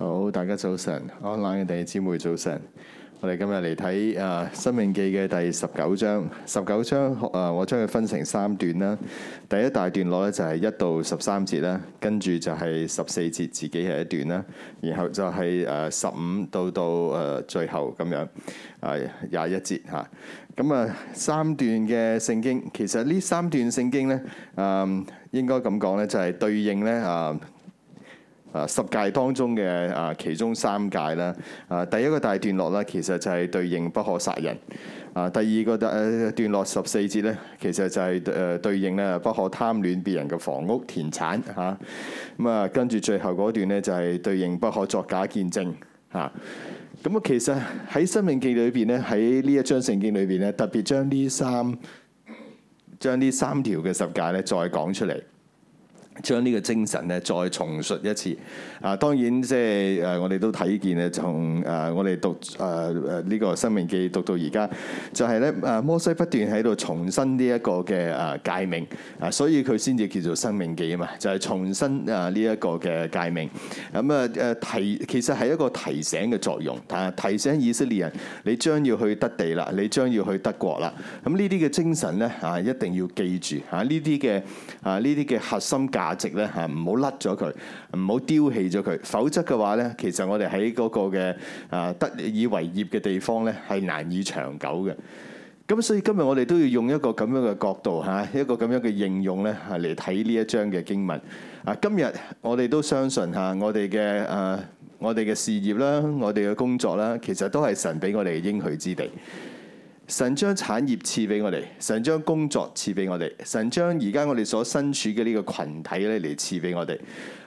好，大家早晨，安冷嘅弟兄姊妹早晨。我哋今日嚟睇啊《申命記》嘅第十九章。十九章啊，我將佢分成三段啦。第一大段落咧就係一到十三節啦，跟住就係十四節自己係一段啦，然後就係誒十五到到誒最後咁樣，係廿一節吓。咁啊，三段嘅聖經，其實呢三段聖經咧，誒，應該咁講咧，就係對應咧啊。啊，十誡當中嘅，啊，其中三誡咧，啊，第一個大段落咧，其實就係對應不可殺人；啊，第二個段、呃、段落十四節咧，其實就係誒對應咧不可貪戀別人嘅房屋田產吓。咁啊，跟住最後嗰段咧就係對應不可作假見證吓。咁啊，啊，其實喺《申命記》裏邊咧，喺呢一章聖經裏邊咧，特別將呢三將呢三條嘅十誡咧再講出嚟。將呢個精神咧再重述一次啊！當然即係誒，我哋都睇見咧，從誒我哋讀誒誒呢個《申命記》讀到而家，就係咧誒摩西不斷喺度重申呢一個嘅誒誡命啊，所以佢先至叫做《申命記》啊嘛，就係重申啊呢一個嘅誡命。咁啊誒提，其實係一個提醒嘅作用啊，提醒以色列人你將要去得地啦，你將要去得國啦。咁呢啲嘅精神咧啊，一定要記住啊！呢啲嘅啊呢啲嘅核心價價值咧吓，唔好甩咗佢，唔好丟棄咗佢，否則嘅話咧，其實我哋喺嗰個嘅啊，得以為業嘅地方咧，係難以長久嘅。咁所以今日我哋都要用一個咁樣嘅角度吓，一個咁樣嘅應用咧吓嚟睇呢一章嘅經文啊。今日我哋都相信吓，我哋嘅誒，我哋嘅事業啦，我哋嘅工作啦，其實都係神俾我哋嘅應許之地。神將產業賜俾我哋，神將工作賜俾我哋，神將而家我哋所身處嘅呢個群體咧嚟賜俾我哋。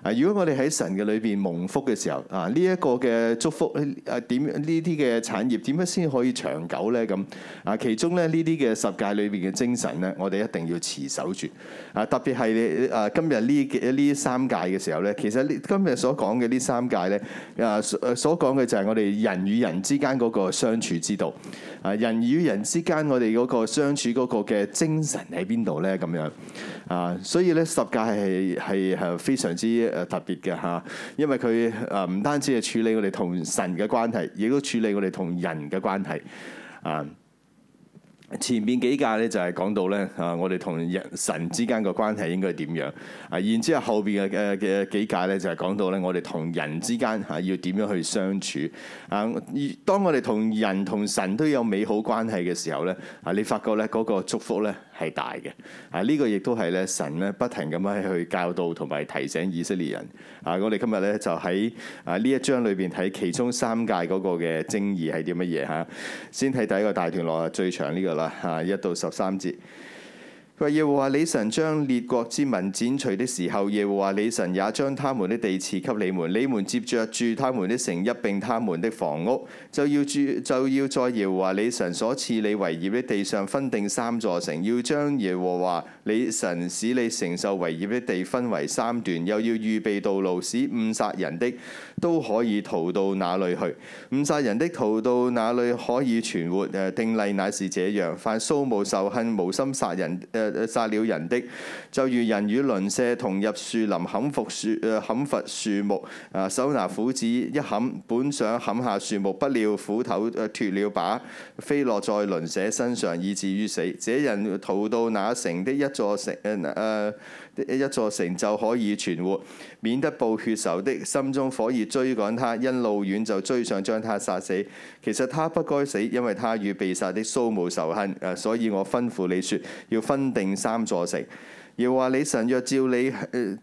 啊！如果我哋喺神嘅裏邊蒙福嘅時候，啊呢一個嘅祝福，啊點呢啲嘅產業點樣先可以長久呢？咁啊，其中咧呢啲嘅十誡裏邊嘅精神呢，我哋一定要持守住。啊，特別係誒今日呢呢三誡嘅時候呢，其實呢今日所講嘅呢三誡呢，啊所講嘅就係我哋人與人之間嗰個相處之道。啊，人與人之間我哋嗰個相處嗰個嘅精神喺邊度呢？咁樣啊，所以呢十誡係係係非常之。誒特別嘅嚇，因為佢誒唔單止係處理我哋同神嘅關係，亦都處理我哋同人嘅關係。啊，前面幾架咧就係講到咧啊，我哋同人神之間嘅關係應該係點樣？啊，然之後後邊嘅嘅嘅幾架咧就係講到咧，我哋同人之間嚇要點樣去相處？啊，當我哋同人同神都有美好關係嘅時候咧，啊，你發覺咧嗰個祝福咧～係大嘅，啊、這、呢個亦都係咧神咧不停咁樣去教導同埋提醒以色列人，啊我哋今日咧就喺啊呢一章裏邊睇其中三界嗰個嘅正義係啲乜嘢吓，先睇第一個大段落最長呢、這個啦吓一到十三節。耶和華你神將列國之民剪除的時候，耶和華你神也將他們的地賜給你們，你們接着住他們的城，一並他們的房屋，就要住就要在耶和華你神所賜你為業的地上分定三座城，要將耶和華你神使你承受為業的地分為三段，又要預備道路，使誤殺人的。都可以逃到哪裏去？誤殺人的逃到哪裏可以存活？誒，定例乃是這樣。犯素無仇恨、無心殺人、誒殺了人的，就如人與鄰舍同入樹林砍伐樹、砍伐樹木。啊，手拿斧子一砍，本想砍下樹木，不料斧頭誒脫了把，飛落在鄰舍身上，以至於死。這人逃到那城的一座城，誒、呃一座城就可以存活，免得報血仇的心中火熱追趕他，因路遠就追上將他殺死。其實他不該死，因為他與被殺的素無仇恨。誒，所以我吩咐你說，要分定三座城。又話：耶和華你神若照你，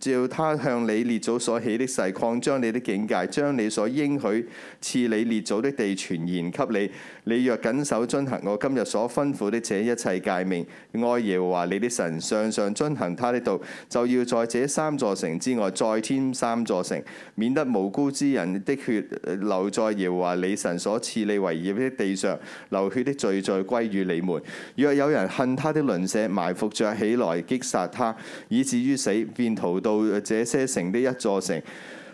照他向你列祖所起的誓，擴張你的境界，將你所應許賜你列祖的地傳言給你。你若謹守遵行我今日所吩咐的這一切誡命，愛耶和華你的神，上上遵行他的道，就要在這三座城之外再添三座城，免得無辜之人的血流在耶和華你神所賜你為業的地上，流血的罪罪歸於你們。若有人恨他的鄰舍，埋伏着起來擊殺。他以至於死，便逃到這些城的一座城。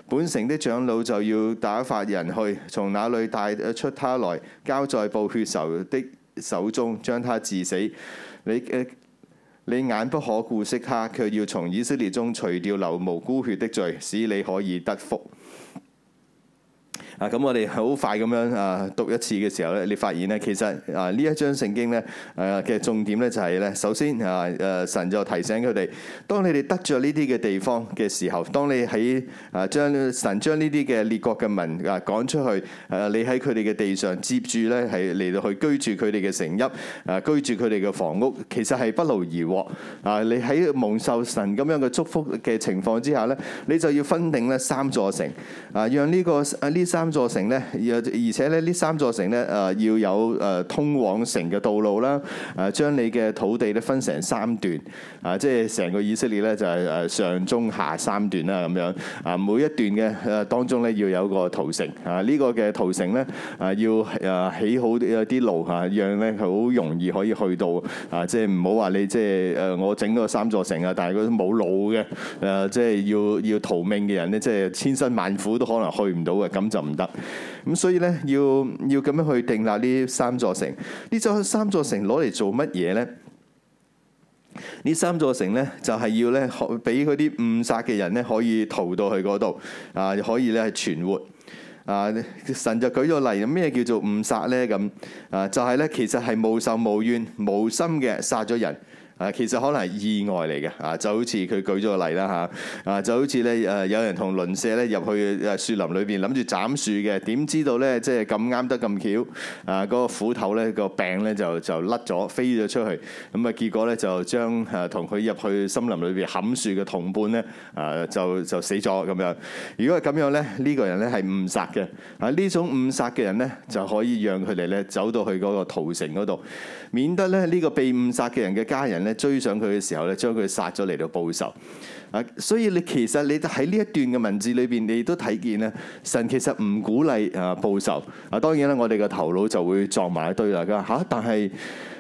本城的長老就要打發人去，從那裏帶出他來，交在報血仇的手中，將他致死。你，你眼不可顧惜他，却要從以色列中除掉流無辜血的罪，使你可以得福。啊！咁、嗯、我哋好快咁樣啊讀一次嘅時候咧，你發現咧，其實啊呢一章聖經咧誒嘅重點咧就係咧，首先啊誒神就提醒佢哋，當你哋得著呢啲嘅地方嘅時候，當你喺啊將神將呢啲嘅列國嘅民啊趕出去，啊你喺佢哋嘅地上接住咧係嚟到去居住佢哋嘅城邑啊居住佢哋嘅房屋，其實係不勞而獲啊！你喺蒙受神咁樣嘅祝福嘅情況之下咧，你就要分定咧三座城，這個、啊，讓呢個啊呢。三座城呢，又而且咧，呢三座城呢，誒要有誒通往城嘅道路啦，誒將你嘅土地咧分成三段，啊，即係成個以色列呢，就係誒上中下三段啦咁樣，啊每一段嘅當中呢，要有個逃城，啊、這、呢個嘅逃城呢，啊要誒起好啲路吓讓呢佢好容易可以去到，啊即係唔好話你即係誒我整個三座城啊，但係佢冇路嘅，誒即係要要逃命嘅人呢，即係千辛萬苦都可能去唔到嘅咁。就唔得，咁所以咧要要咁樣去定立呢三座城，呢座三座城攞嚟做乜嘢咧？呢三座城咧就係要咧，俾嗰啲誤殺嘅人咧可以逃到去嗰度，啊可以咧係存活，啊神就舉咗例，咁咩叫做誤殺咧？咁啊就係咧，其實係無仇無怨無心嘅殺咗人。啊，其實可能係意外嚟嘅，啊，就好似佢舉咗個例啦嚇，啊，就好似咧誒，有人同鄰舍咧入去誒樹林裏邊諗住斬樹嘅，點知道咧即係咁啱得咁巧，啊，嗰個斧頭咧個柄咧就就甩咗飛咗出去，咁啊結果咧就將誒同佢入去森林裏邊砍樹嘅同伴咧啊就就死咗咁樣。如果係咁樣咧，呢個人咧係誤殺嘅，啊呢種誤殺嘅人咧就可以讓佢哋咧走到去嗰個屠城嗰度，免得咧呢個被誤殺嘅人嘅家人，追上佢嘅時候咧，將佢殺咗嚟到報仇啊！所以你其實你喺呢一段嘅文字裏邊，你都睇見咧，神其實唔鼓勵啊報仇啊！當然啦，我哋嘅頭腦就會撞埋一堆啦。佢話吓，但係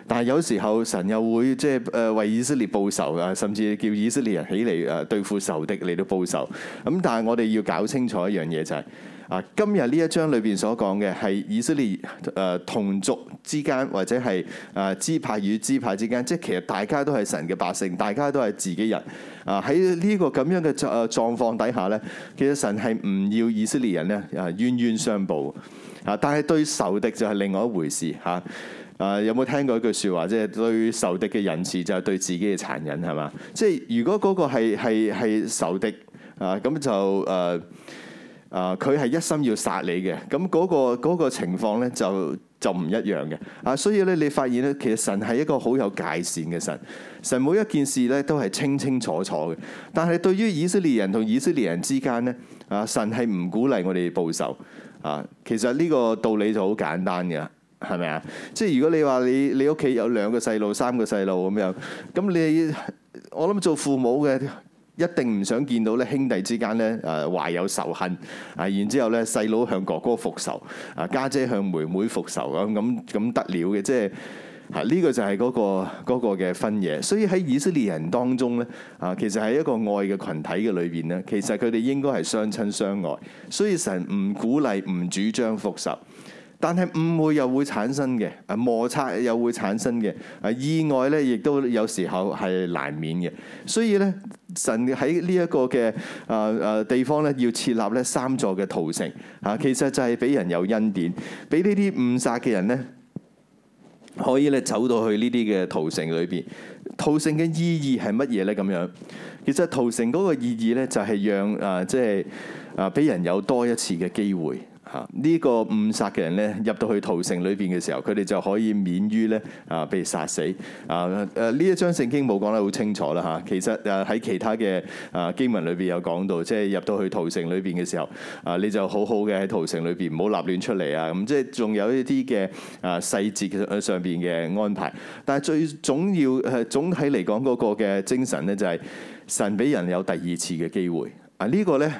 但係有時候神又會即係誒為以色列報仇啊，甚至叫以色列人起嚟誒對付仇敵嚟到報仇。咁但係我哋要搞清楚一樣嘢就係，是。啊，今日呢一章裏邊所講嘅係以色列，誒同族之間或者係誒支派與支派之間，即係其實大家都係神嘅百姓，大家都係自己人。啊喺呢個咁樣嘅狀狀況底下呢，其實神係唔要以色列人呢，啊冤冤相報。吓，但係對仇敵就係另外一回事。吓、啊，啊有冇聽過一句說話，即係對仇敵嘅仁慈就係對自己嘅殘忍，係嘛？即係如果嗰個係係係仇敵，啊咁就誒。啊啊！佢係一心要殺你嘅，咁嗰個嗰個情況咧就就唔一樣嘅。啊，所以咧你發現咧，其實神係一個好有界線嘅神，神每一件事咧都係清清楚楚嘅。但係對於以色列人同以色列人之間咧，啊，神係唔鼓勵我哋報仇。啊，其實呢個道理就好簡單嘅，係咪啊？即係如果你話你你屋企有兩個細路、三個細路咁樣，咁你我諗做父母嘅，一定唔想見到咧兄弟之間咧誒懷有仇恨啊！然之後咧細佬向哥哥復仇啊，家姐向妹妹復仇咁，咁咁得了嘅，即係啊呢個就係嗰個嗰個嘅分野。所以喺以色列人當中咧啊，其實喺一個愛嘅群體嘅裏邊咧，其實佢哋應該係相親相愛。所以神唔鼓勵、唔主張復仇。但係誤會又會產生嘅，啊摩擦又會產生嘅，啊意外咧亦都有時候係難免嘅。所以咧，神喺呢一個嘅啊啊地方咧，要設立咧三座嘅逃城嚇、啊，其實就係俾人有恩典，俾呢啲誤殺嘅人咧，可以咧走到去呢啲嘅逃城裏邊。逃城嘅意義係乜嘢咧？咁樣其實逃城嗰個意義咧、啊，就係、是、讓啊即係啊俾人有多一次嘅機會。嚇呢個誤殺嘅人咧，入到去屠城裏邊嘅時候，佢哋就可以免於咧啊被殺死啊！誒呢一章聖經冇講得好清楚啦嚇，其實誒喺其他嘅啊經文裏邊有講到，即係入到去屠城裏邊嘅時候啊，你就好好嘅喺屠城裏邊唔好立亂出嚟啊！咁即係仲有一啲嘅啊細節上邊嘅安排，但係最總要誒總體嚟講嗰個嘅精神咧就係神俾人有第二次嘅機會啊！這個、呢個咧。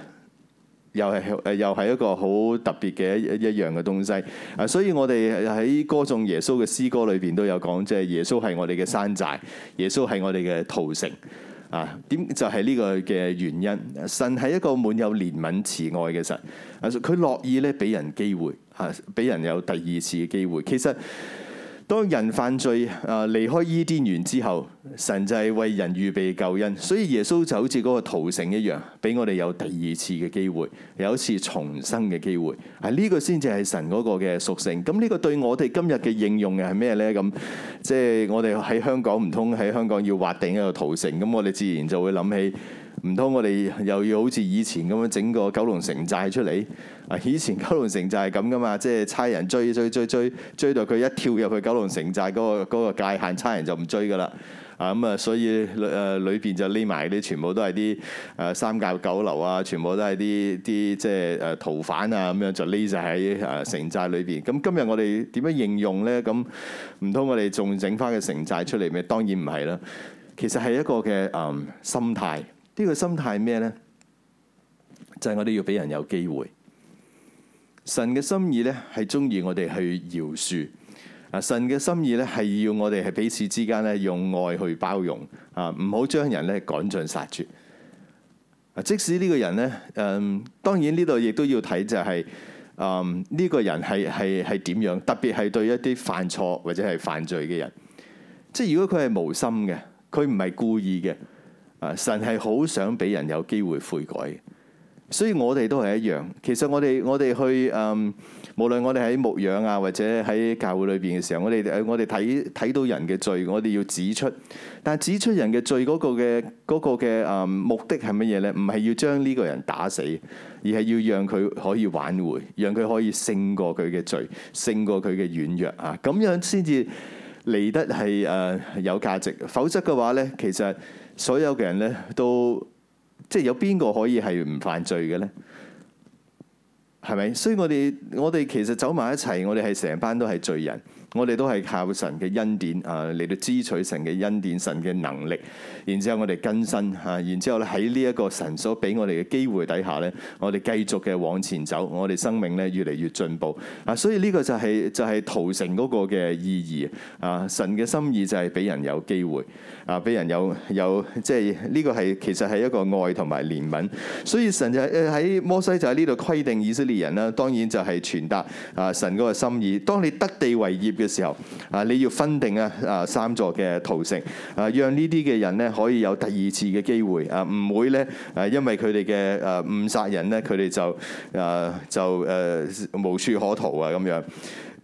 又係誒，又係一個好特別嘅一一樣嘅東西啊！所以我哋喺歌頌耶穌嘅詩歌裏邊都有講，即係耶穌係我哋嘅山寨，耶穌係我哋嘅屠城啊！點就係呢個嘅原因？神係一個滿有憐憫慈愛嘅神啊！佢樂意咧俾人機會啊，俾人有第二次嘅機會。其實。當人犯罪啊離開伊甸園之後，神就係為人預備救恩，所以耶穌就好似嗰個屠城一樣，俾我哋有第二次嘅機會，有一次重生嘅機會。係、這、呢個先至係神嗰個嘅屬性。咁、這、呢個對我哋今日嘅應用又係咩呢？咁即係我哋喺香港唔通喺香港要劃定一個屠城，咁我哋自然就會諗起，唔通我哋又要好似以前咁樣整個九龍城寨出嚟。以前九龍城寨係咁噶嘛，即係差人追追追追追到佢一跳入去九龍城寨嗰個嗰個界限，差人就唔追噶啦。啊咁啊，所以誒裏邊就匿埋啲，全部都係啲誒三教九流啊，全部都係啲啲即係誒逃犯啊咁樣就匿晒喺誒城寨裏邊。咁今日我哋點樣應用咧？咁唔通我哋仲整翻個城寨出嚟咩？當然唔係啦。其實係一個嘅誒心態。呢個心態咩咧？就係我哋要俾人有機會。神嘅心意咧，係中意我哋去饒恕啊！神嘅心意咧，係要我哋係彼此之間咧，用愛去包容啊！唔好將人咧趕盡殺絕啊！即使呢個人咧，嗯，當然呢度亦都要睇就係，嗯，呢個人係係係點樣？特別係對一啲犯錯或者係犯罪嘅人，即係如果佢係無心嘅，佢唔係故意嘅啊！神係好想俾人有機會悔改。所以我哋都係一樣。其實我哋我哋去誒，無論我哋喺牧養啊，或者喺教會裏邊嘅時候，我哋我哋睇睇到人嘅罪，我哋要指出。但指出人嘅罪嗰個嘅嗰個嘅誒目的係乜嘢咧？唔係要將呢個人打死，而係要讓佢可以挽回，讓佢可以勝過佢嘅罪，勝過佢嘅軟弱啊。咁樣先至嚟得係誒有價值。否則嘅話咧，其實所有嘅人咧都。即係有邊個可以係唔犯罪嘅咧？係咪？所以我哋，我哋其實走埋一齊，我哋係成班都係罪人。我哋都係靠神嘅恩典啊，嚟到支取神嘅恩典，神嘅能力，然之後我哋更新啊，然之後咧喺呢一個神所俾我哋嘅機會底下咧，我哋繼續嘅往前走，我哋生命咧越嚟越進步啊！所以呢個就係就係逃城嗰個嘅意義啊！神嘅心意就係俾人有機會啊，俾人有有即係呢個係其實係一個愛同埋憐憫，所以神就喺、是、摩西就喺呢度規定以色列人啦，當然就係傳達啊神嗰個心意。當你得地為業嘅嘅時候啊，你要分定啊啊三座嘅逃城啊，讓呢啲嘅人咧可以有第二次嘅機會。啊，唔會呢，誒，因為佢哋嘅誒誤殺人咧，佢哋就誒就誒、呃、無處可逃啊咁樣。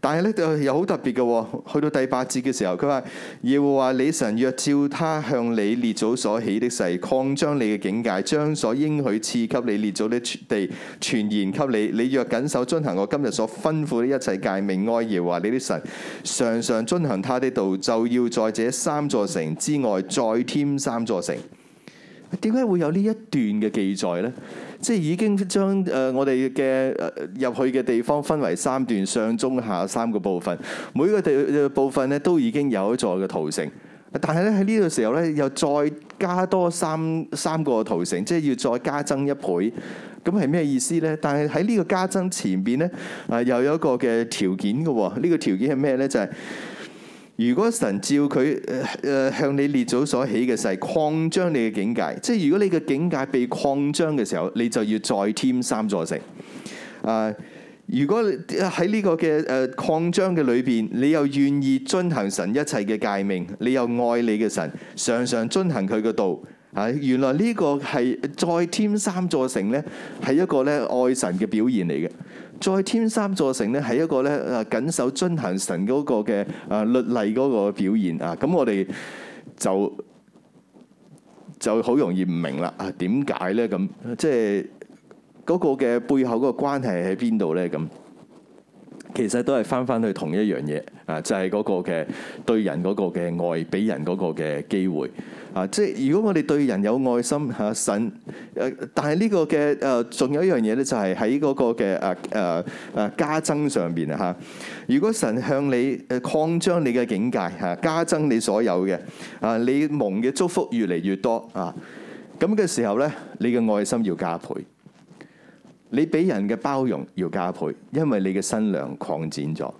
但係呢，又又好特別嘅，哦，去到第八節嘅時候，佢話：耶和華你神若照他向你列祖所起的誓，擴張你嘅境界，將所應許賜給你列祖的地全然給你，你若謹守遵行我今日所吩咐的一切戒命哀，哀求話你的神常常遵行他的道，就要在這三座城之外再添三座城。點解會有呢一段嘅記載呢？即係已經將誒、呃、我哋嘅入去嘅地方分為三段，上中下三個部分，每個地部分咧都已經有咗一座嘅逃城，但係咧喺呢個時候咧又再加多三三個逃城，即係要再加增一倍，咁係咩意思咧？但係喺呢個加增前邊咧啊又有一個嘅條件嘅喎，呢、這個條件係咩咧？就係、是。如果神照佢誒誒向你列祖所起嘅誓，擴張你嘅境界，即係如果你嘅境界被擴張嘅時候，你就要再添三座城。啊、呃，如果喺呢個嘅誒擴張嘅裏邊，你又願意遵行神一切嘅戒命，你又愛你嘅神，常常遵行佢嘅道，啊，原來呢個係再添三座城呢，係一個咧愛神嘅表現嚟嘅。再添三座城咧，係一個咧，啊，謹守遵行神嗰個嘅啊律例嗰個表現啊，咁我哋就就好容易唔明啦啊，點解咧？咁即係嗰個嘅背後嗰個關係喺邊度咧？咁其實都係翻翻去同一樣嘢。啊，就係嗰個嘅對人嗰個嘅愛，俾人嗰個嘅機會。啊，即係如果我哋對人有愛心，吓神誒，但係呢個嘅誒，仲、呃、有一樣嘢咧，就係喺嗰個嘅誒誒誒加增上邊啊吓。如果神向你誒擴張你嘅境界吓，加增你所有嘅啊，你蒙嘅祝福越嚟越多啊。咁嘅時候咧，你嘅愛心要加倍，你俾人嘅包容要加倍，因為你嘅新娘擴展咗。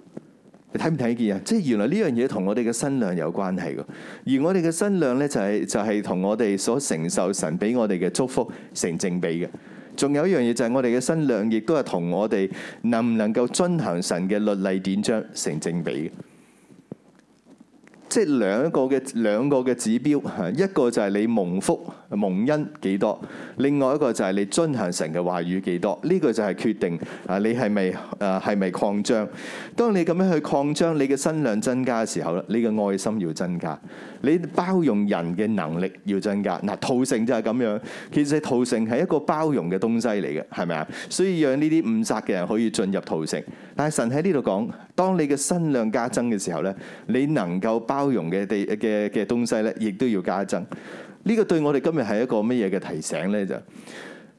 你睇唔睇得見啊？即係原來呢樣嘢同我哋嘅身量有關係嘅，而我哋嘅身量呢、就係，就係就係同我哋所承受神俾我哋嘅祝福成正比嘅。仲有一樣嘢就係我哋嘅身量，亦都係同我哋能唔能夠遵行神嘅律例典章成正比嘅。即係兩個嘅兩個嘅指標，一個就係你蒙福蒙恩幾多，另外一個就係你遵行神嘅話語幾多。呢個就係決定啊你係咪誒係咪擴張。當你咁樣去擴張，你嘅身量增加嘅時候咧，你嘅愛心要增加，你包容人嘅能力要增加。嗱，屠城就係咁樣，其實屠城係一個包容嘅東西嚟嘅，係咪啊？所以讓呢啲誤殺嘅人可以進入屠城。但係神喺呢度講，當你嘅身量加增嘅時候咧，你能夠包。包容嘅地嘅嘅東西咧，亦都要加增。呢個對我哋今日係一個乜嘢嘅提醒咧？就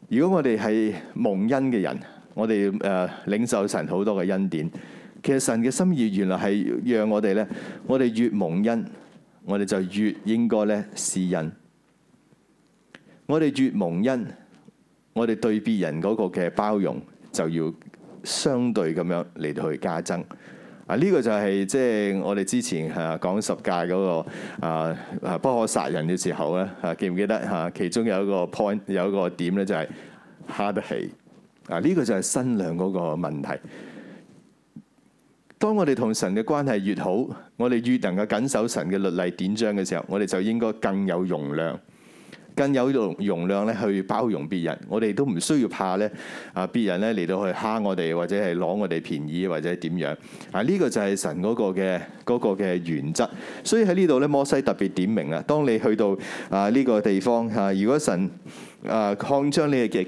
如果我哋係蒙恩嘅人，我哋誒領受神好多嘅恩典。其實神嘅心意原來係讓我哋咧，我哋越蒙恩，我哋就越應該咧施恩。我哋越蒙恩，我哋對別人嗰個嘅包容就要相對咁樣嚟到去加增。呢個就係即係我哋之前啊講十誡嗰個啊啊不可殺人嘅時候咧，啊記唔記得吓？其中有一個 point，有一個點咧就係、是、哈得起。啊！呢個就係新娘嗰個問題。當我哋同神嘅關係越好，我哋越能夠謹守神嘅律例典章嘅時候，我哋就應該更有容量。更有容容量咧去包容別人，我哋都唔需要怕咧啊！別人咧嚟到去蝦我哋，或者係攞我哋便宜，或者點樣啊？呢個就係神嗰個嘅嗰個嘅原則。所以喺呢度咧，摩西特別點明啦，當你去到啊呢個地方嚇、啊，如果神啊擴張你嘅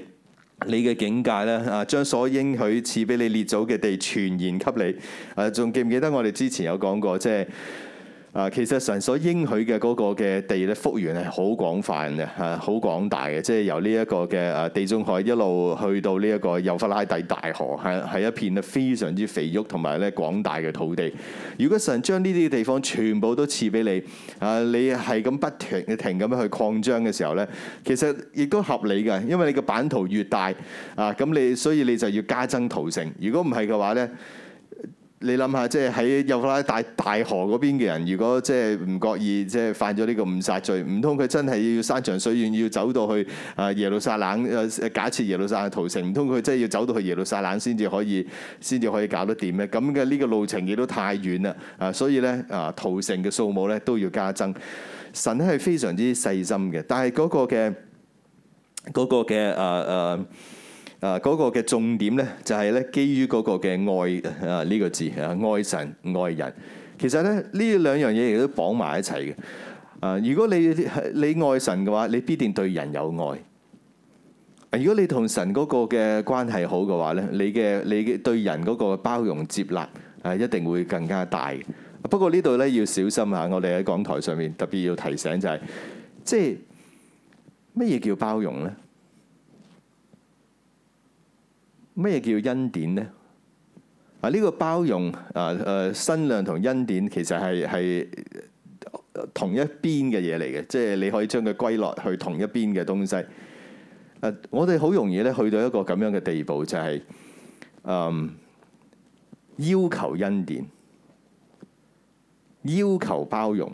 你嘅境界咧啊，將所應許賜俾你列祖嘅地傳言給你啊，仲記唔記得我哋之前有講過即係？啊，其實神所應許嘅嗰個嘅地咧，幅員係好廣泛嘅，嚇，好廣大嘅，即係由呢一個嘅啊地中海一路去到呢一個幼法拉底大河，係係一片非常之肥沃同埋咧廣大嘅土地。如果神將呢啲地方全部都賜俾你，啊，你係咁不停嘅停咁樣去擴張嘅時候咧，其實亦都合理嘅，因為你個版圖越大，啊，咁你所以你就要加增逃城。如果唔係嘅話咧。你諗下，即係喺幼發拉底大河嗰邊嘅人，如果即係唔覺意即係犯咗呢個誤殺罪，唔通佢真係要山長水遠要走到去啊耶路撒冷？誒，假設耶路撒冷逃城，唔通佢真係要走到去耶路撒冷先至可以，先至可以搞得掂咧？咁嘅呢個路程亦都太遠啦！啊，所以咧啊，逃城嘅數目咧都要加增。神係非常之細心嘅，但係嗰個嘅嗰個嘅啊啊。那個啊，嗰個嘅重點咧，就係咧，基於嗰個嘅愛啊呢個字啊，愛神愛人。其實咧，呢兩樣嘢亦都綁埋一齊嘅。啊，如果你係你愛神嘅話，你必定對人有愛。啊，如果你同神嗰個嘅關係好嘅話咧，你嘅你對人嗰個包容接納啊，一定會更加大嘅。不過呢度咧要小心吓，我哋喺講台上面特別要提醒就係，即係乜嘢叫包容咧？咩叫恩典呢？啊，呢、這個包容啊，誒，身量同恩典其實係係同一邊嘅嘢,嚟嘅，即、就、係、是、你可以將佢歸落去同一邊嘅東西。啊、我哋好容易咧去到一個咁樣嘅地步，就係、是嗯，要求恩典，要求包容，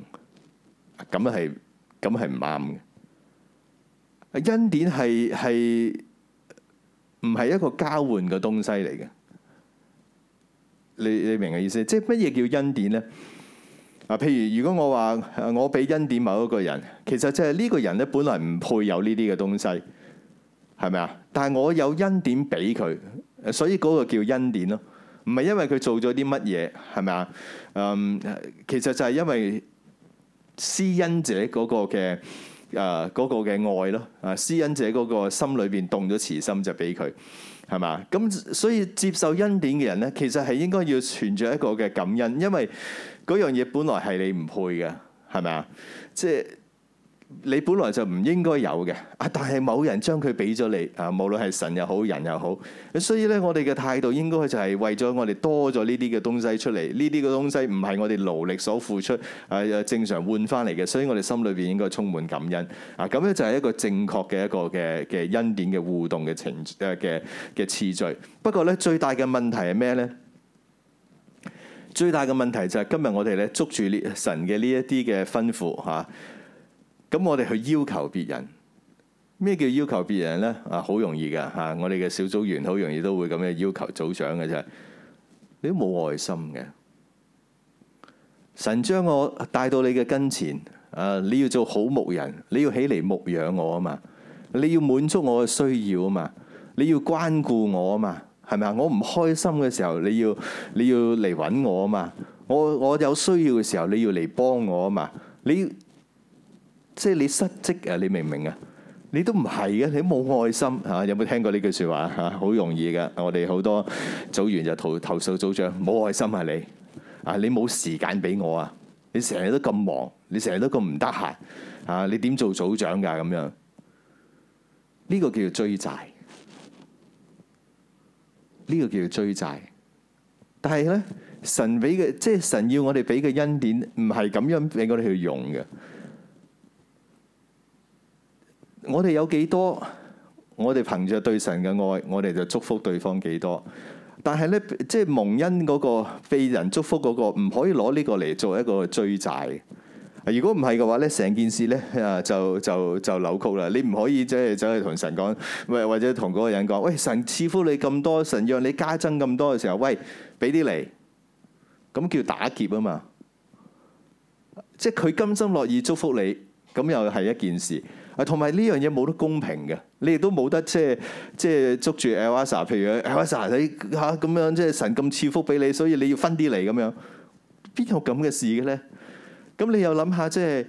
咁係咁係唔啱嘅。恩典係係，唔係一個交換嘅東西嚟嘅，你你明嘅意思？即係乜嘢叫恩典咧？啊，譬如如果我話我俾恩典某一個人，其實就係呢個人咧，本來唔配有呢啲嘅東西，係咪啊？但係我有恩典俾佢，所以嗰個叫恩典咯。唔係因為佢做咗啲乜嘢，係咪啊？嗯，其實就係因為施恩者嗰個嘅。誒嗰個嘅愛咯，誒施恩者嗰個心裏邊動咗慈心就俾佢，係咪？咁所以接受恩典嘅人咧，其實係應該要存著一個嘅感恩，因為嗰樣嘢本來係你唔配嘅，係咪啊？即係。你本來就唔應該有嘅，啊！但係某人將佢俾咗你，啊！無論係神又好，人又好，所以咧，我哋嘅態度應該就係為咗我哋多咗呢啲嘅東西出嚟。呢啲嘅東西唔係我哋勞力所付出，誒、啊、正常換翻嚟嘅，所以我哋心裏邊應該充滿感恩。啊，咁咧就係一個正確嘅一個嘅嘅恩典嘅互動嘅程誒嘅嘅次序。不過咧，最大嘅問題係咩咧？最大嘅問題就係今日我哋咧捉住神嘅呢一啲嘅吩咐嚇。啊咁我哋去要求別人，咩叫要求別人呢？啊，好容易噶嚇，啊！我哋嘅小組員好容易都會咁樣要求組長嘅啫，你都冇愛心嘅。神將我帶到你嘅跟前，啊，你要做好牧人，你要起嚟牧養我啊嘛，你要滿足我嘅需要啊嘛，你要關顧我啊嘛，係咪啊？我唔開心嘅時候，你要你要嚟揾我啊嘛，我我有需要嘅時候，你要嚟幫我啊嘛，你。即係你失職啊！你明唔明啊？你都唔係嘅，你冇愛心嚇、啊。有冇聽過呢句説話嚇？好、啊、容易嘅，我哋好多組員就投投訴組長冇愛心啊！你啊，你冇時間俾我啊！你成日都咁忙，你成日都咁唔得閒啊！你點做組長㗎？咁樣呢、呢個叫做追債，呢、呢個叫做追債。但係咧，神俾嘅即係神要我哋俾嘅恩典，唔係咁樣俾我哋去用嘅。我哋有幾多？我哋憑着對神嘅愛，我哋就祝福對方幾多。但係咧，即係蒙恩嗰個被人祝福嗰個，唔可以攞呢個嚟做一個追債。如果唔係嘅話咧，成件事咧啊，就就就扭曲啦。你唔可以即係走去同神講，或或者同嗰個人講，喂，神賜福你咁多，神讓你加增咁多嘅時候，喂，俾啲嚟，咁叫打劫啊嘛！即係佢甘心樂意祝福你，咁又係一件事。啊，同埋呢樣嘢冇得公平嘅，你亦都冇得即係即係捉住 Elisa，譬如 Elisa 你吓咁樣即係神咁賜福俾你，所以你要分啲嚟咁樣，邊有咁嘅事嘅咧？咁你又諗下即係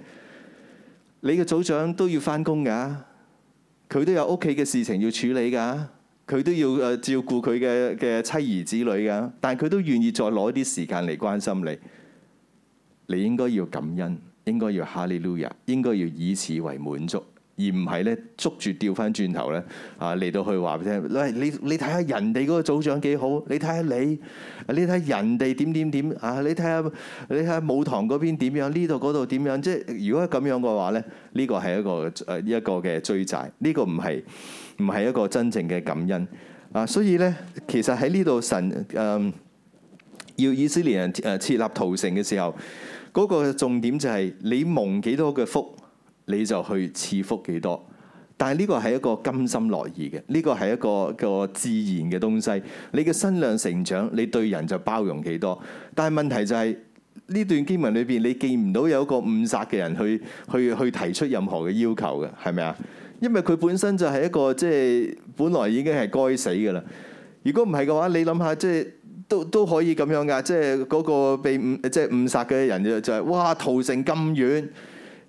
你嘅組長都要翻工噶，佢都有屋企嘅事情要處理噶，佢都要誒照顧佢嘅嘅妻兒子女噶，但係佢都願意再攞啲時間嚟關心你，你應該要感恩，應該要哈利路亞，應該要以此為滿足。而唔係咧捉住掉翻轉頭咧啊嚟到去話俾你聽，你你你睇下人哋嗰個組長幾好，你睇下你，你睇人哋點點點啊，你睇下你睇舞堂嗰邊點樣，呢度嗰度點樣？即係如果咁樣嘅話咧，呢個係一個誒、呃、一個嘅追債，呢、這個唔係唔係一個真正嘅感恩啊！所以咧，其實喺呢度神誒、呃、要以色列人誒設立逃城嘅時候，嗰、那個重點就係你蒙幾多嘅福。你就去賜福幾多？但係呢個係一個甘心樂意嘅，呢個係一個一個自然嘅東西。你嘅身量成長，你對人就包容幾多？但係問題就係、是、呢段經文裏邊，你見唔到有一個誤殺嘅人去去去，去提出任何嘅要求嘅，係咪啊？因為佢本身就係一個即係本來已經係該死嘅啦。如果唔係嘅話，你諗下即係都都可以咁樣㗎，即係嗰、那個被誤即係誤殺嘅人就係、是、哇屠城咁遠。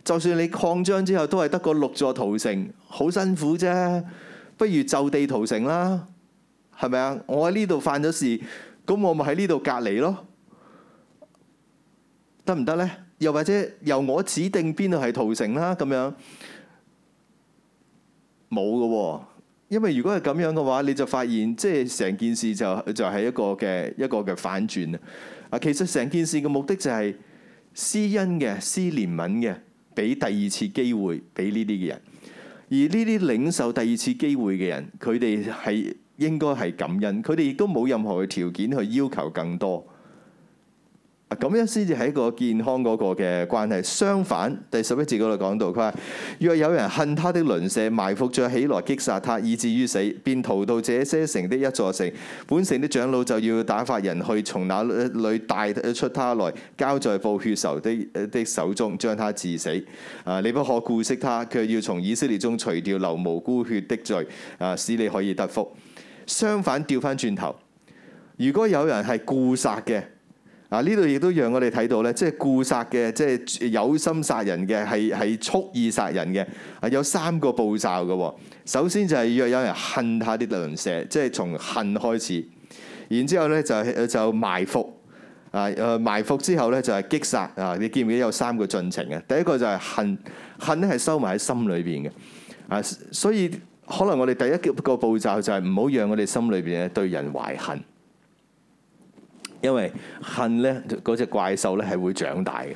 就算你擴張之後，都係得個六座逃城，好辛苦啫。不如就地逃城啦，係咪啊？我喺呢度犯咗事，咁我咪喺呢度隔離咯，得唔得呢？又或者由我指定邊度係逃城啦？咁樣冇嘅，因為如果係咁樣嘅話，你就發現即係成件事就就係一個嘅一個嘅反轉啊。其實成件事嘅目的就係施恩嘅、施憐憫嘅。俾第二次機會俾呢啲嘅人，而呢啲領受第二次機會嘅人，佢哋係應該係感恩，佢哋亦都冇任何嘅條件去要求更多。咁樣先至係一個健康嗰個嘅關係。相反，第十一節嗰度講到，佢話：若有人恨他的鄰舍，埋伏咗起來擊殺他，以致於死，便逃到這些城的一座城，本城的長老就要打發人去，從那裏帶出他來，交在報血仇的的手中，將他治死。啊，你不可顧惜他，卻要從以色列中除掉流無辜血的罪，啊，使你可以得福。相反，調返轉頭，如果有人係故殺嘅，啊！呢度亦都讓我哋睇到咧，即係故殺嘅，即係有心殺人嘅，係係蓄意殺人嘅。啊，有三個步驟嘅。首先就係要有人恨下啲鄰舍，即係從恨開始。然之後咧就就就埋伏啊！誒埋伏之後咧就係擊殺啊！你見唔見有三個進程嘅？第一個就係恨，恨咧係收埋喺心裏邊嘅。啊，所以可能我哋第一個步驟就係唔好讓我哋心裏邊咧對人懷恨。因為恨咧，嗰隻怪獸咧係會長大嘅。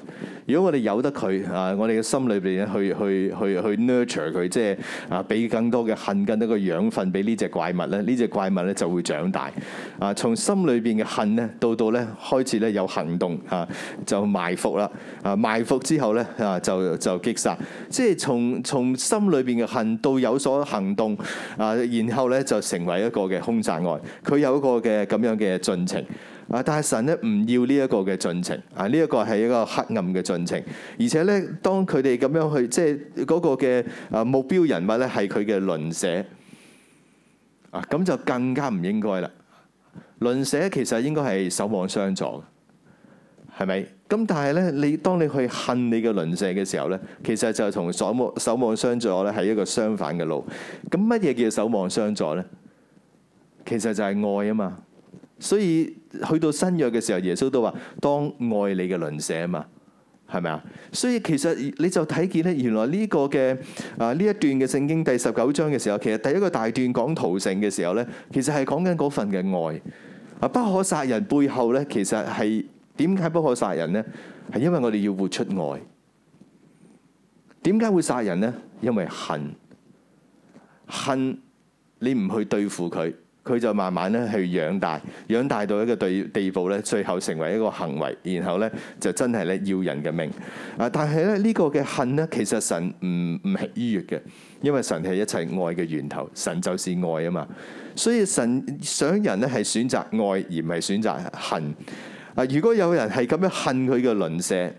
如果我哋由得佢啊，我哋嘅心裏邊咧去去去去 nurture 佢，即係啊，俾更多嘅恨，更多嘅養分俾呢隻怪物咧，呢隻怪物咧就會長大啊。從心裏邊嘅恨咧，到到咧開始咧有行動啊，就埋伏啦啊。埋伏之後咧啊，就就擊殺，即係從從心裏邊嘅恨到有所行動啊，然後咧就成為一個嘅兇殺案。佢有一個嘅咁樣嘅進程。啊！但係神咧唔要呢一個嘅進程啊！呢一個係一個黑暗嘅進程，而且咧，當佢哋咁樣去，即係嗰個嘅啊目標人物咧，係佢嘅鄰舍啊，咁就更加唔應該啦。鄰舍其實應該係守望相助，係咪？咁但係咧，你當你去恨你嘅鄰舍嘅時候咧，其實就同守望守望相助咧係一個相反嘅路。咁乜嘢叫守望相助咧？其實就係愛啊嘛。所以去到新約嘅時候，耶穌都話：當愛你嘅鄰舍啊嘛，係咪啊？所以其實你就睇見咧，原來呢個嘅啊呢一段嘅聖經第十九章嘅時候，其實第一個大段講逃城嘅時候咧，其實係講緊嗰份嘅愛啊。不可殺人背後咧，其實係點解不可殺人咧？係因為我哋要活出愛。點解會殺人咧？因為恨，恨你唔去對付佢。佢就慢慢咧去養大，養大到一個對地步咧，最後成為一個行為，然後咧就真係咧要人嘅命。啊！但係咧呢個嘅恨呢，其實神唔唔係醫藥嘅，因為神係一切愛嘅源頭，神就是愛啊嘛。所以神想人咧係選擇愛而唔係選擇恨。啊！如果有人係咁樣恨佢嘅鄰舍。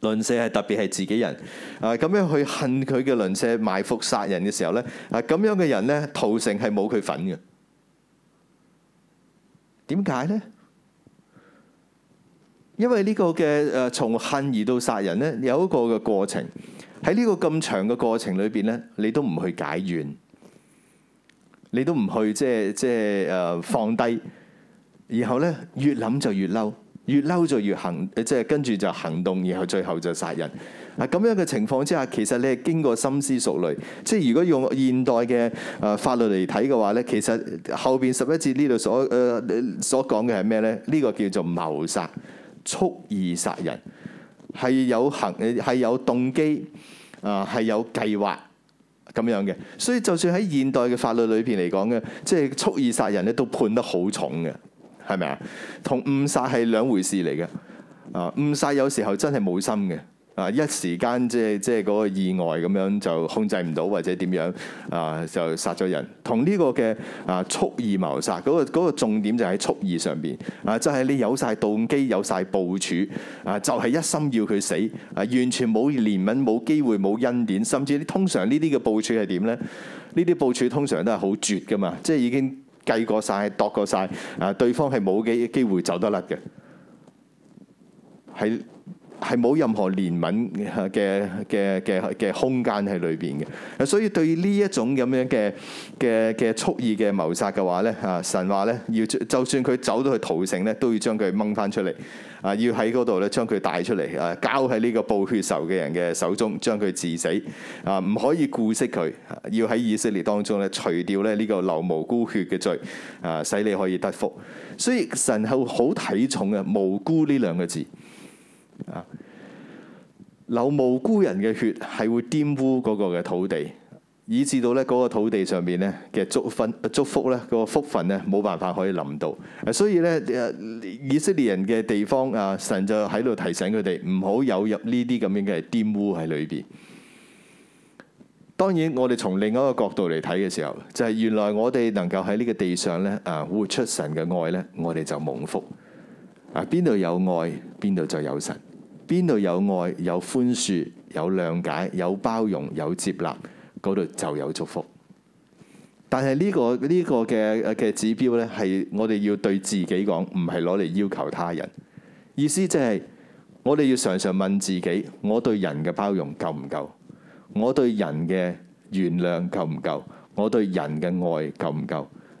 鄰舍係特別係自己人啊，咁樣去恨佢嘅鄰舍埋伏殺人嘅時候咧，啊，咁樣嘅人咧，逃城係冇佢份嘅。點解咧？因為呢個嘅誒，從恨而到殺人咧，有一個嘅過程。喺呢個咁長嘅過程裏邊咧，你都唔去解怨，你都唔去即係即係誒放低，然後咧越諗就越嬲。越嬲就越行，即係跟住就行動，然後最後就殺人。啊，咁樣嘅情況之下，其實你係經過深思熟慮。即係如果用現代嘅誒法律嚟睇嘅話咧，其實後邊十一節、呃、呢度所誒所講嘅係咩咧？呢、呢個叫做謀殺、蓄意殺人，係有行誒，係有動機啊，係有計劃咁樣嘅。所以就算喺現代嘅法律裏邊嚟講嘅，即係蓄意殺人咧，都判得好重嘅。係咪啊？同誤殺係兩回事嚟嘅。啊，誤殺有時候真係冇心嘅。啊，一時間即係即係嗰個意外咁樣就控制唔到或者點樣啊，就殺咗人。同呢個嘅啊，蓄意謀殺嗰個嗰個重點就喺蓄意上邊。啊，就係你有晒動機，有晒部署。啊，就係一心要佢死。啊，完全冇憐憫，冇機會，冇恩典，甚至啲通常呢啲嘅部署係點咧？呢啲部署通常都係好絕㗎嘛，即係已經。計過晒，度過晒，啊！對方係冇嘅機會走得甩嘅，係係冇任何憐憫嘅嘅嘅嘅空間喺裏邊嘅。所以對呢一種咁樣嘅嘅嘅蓄意嘅謀殺嘅話咧，啊神話咧，要就算佢走到去逃城咧，都要將佢掹翻出嚟。啊！要喺嗰度咧，將佢帶出嚟，啊，交喺呢個報血仇嘅人嘅手中，將佢治死，啊，唔可以顧惜佢，要喺以色列當中咧，除掉咧呢個流無辜血嘅罪，啊，使你可以得福。所以神後好睇重嘅無辜呢兩個字，啊，流無辜人嘅血係會玷污嗰個嘅土地。以致到咧嗰個土地上邊咧，嘅祝福咧嗰、那個福分咧冇辦法可以臨到。所以咧，以色列人嘅地方啊，神就喺度提醒佢哋唔好有入呢啲咁樣嘅玷污喺裏邊。當然，我哋從另一個角度嚟睇嘅時候，就係、是、原來我哋能夠喺呢個地上咧啊，活出神嘅愛咧，我哋就蒙福啊。邊度有愛，邊度就有神；邊度有愛，有寬恕，有諒解，有包容，有接納。嗰度就有祝福，但係呢個呢個嘅嘅指標呢，係我哋要對自己講，唔係攞嚟要求他人。意思即係我哋要常常問自己：我對人嘅包容夠唔夠？我對人嘅原諒夠唔夠？我對人嘅愛夠唔夠？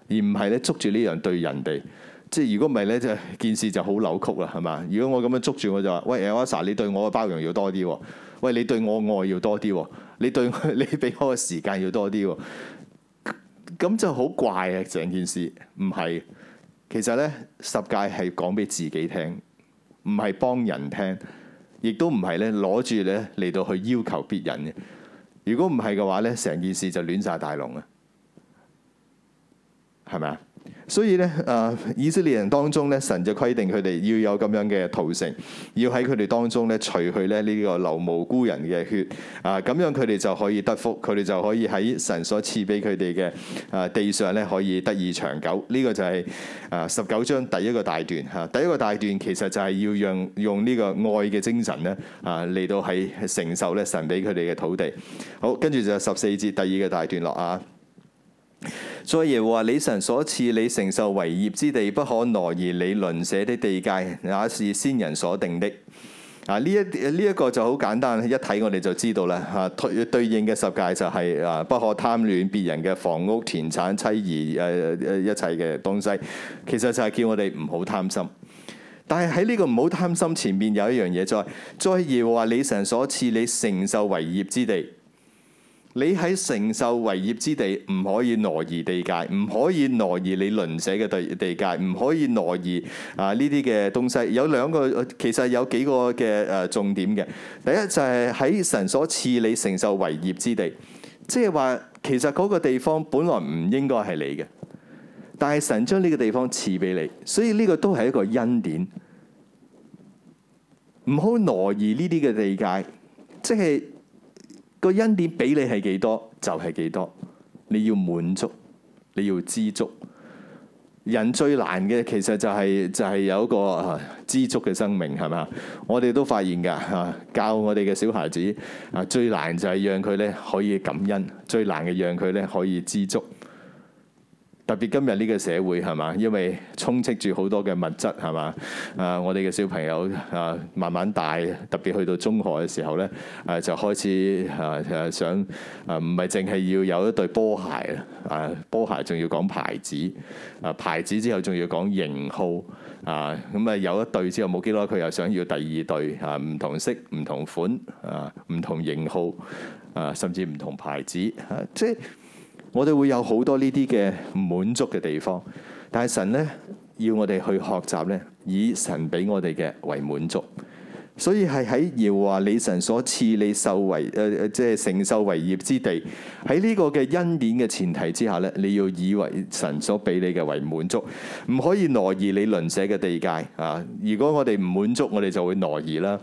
而唔係咧捉住呢樣對人哋，即係如果唔係呢，就件事就好扭曲啦，係嘛？如果我咁樣捉住，我就話：喂，Elsa，你對我嘅包容要多啲喎，喂，你對我愛要多啲喎。你對我，你俾我嘅時間要多啲喎，咁就好怪啊！成件事唔係，其實咧十戒係講俾自己聽，唔係幫人聽，亦都唔係咧攞住咧嚟到去要求別人嘅。如果唔係嘅話咧，成件事就亂晒大龍啊，係咪啊？所以咧，啊，以色列人當中咧，神就規定佢哋要有咁樣嘅屠城，要喺佢哋當中咧除去咧呢個流無辜人嘅血，啊，咁樣佢哋就可以得福，佢哋就可以喺神所賜俾佢哋嘅啊地上咧可以得以長久。呢個就係啊十九章第一個大段嚇，第一個大段其實就係要讓用呢個愛嘅精神咧啊嚟到喺承受咧神俾佢哋嘅土地。好，跟住就十四節第二個大段落啊。再耶和華你神所賜你承受為業之地不可挪移，你鄰舍的地界也是先人所定的。啊呢一呢一,一個就好簡單，一睇我哋就知道啦。啊對對應嘅十誡就係、是、啊不可貪戀別人嘅房屋田產妻兒誒、啊、一切嘅東西，其實就係叫我哋唔好貪心。但係喺呢個唔好貪心前面有一樣嘢在，再耶和華你神所賜你承受為業之地。你喺承受為業之地，唔可以挪移地界，唔可以挪移你鄰舍嘅地地界，唔可以挪移啊呢啲嘅東西。有兩個，其實有幾個嘅誒重點嘅。第一就係喺神所賜你承受為業之地，即係話其實嗰個地方本來唔應該係你嘅，但係神將呢個地方賜俾你，所以呢個都係一個恩典。唔好挪移呢啲嘅地界，即係。個恩典俾你係幾多就係、是、幾多，你要滿足，你要知足。人最難嘅其實就係、是、就係、是、有一個啊知足嘅生命係咪啊？我哋都發現㗎嚇，教我哋嘅小孩子啊最難就係讓佢咧可以感恩，最難嘅讓佢咧可以知足，特別今日呢個社會係嘛？因為充斥住好多嘅物質係嘛？啊，我哋嘅小朋友啊，慢慢大，特別去到中學嘅時候咧，誒、啊、就開始啊想啊，唔係淨係要有一對波鞋啊，波鞋仲要講牌子啊，牌子之後仲要講型號啊，咁啊有一對之後冇幾耐佢又想要第二對啊，唔同色、唔同款啊、唔同型號啊，甚至唔同牌子啊，即係。我哋會有好多呢啲嘅唔滿足嘅地方，但係神呢，要我哋去學習呢，以神俾我哋嘅為滿足。所以係喺耶和華你神所賜你受為誒誒、呃，即係承受為業之地，喺呢個嘅恩典嘅前提之下呢，你要以為神所俾你嘅為滿足，唔可以挪移你鄰舍嘅地界啊！如果我哋唔滿足，我哋就會挪移啦。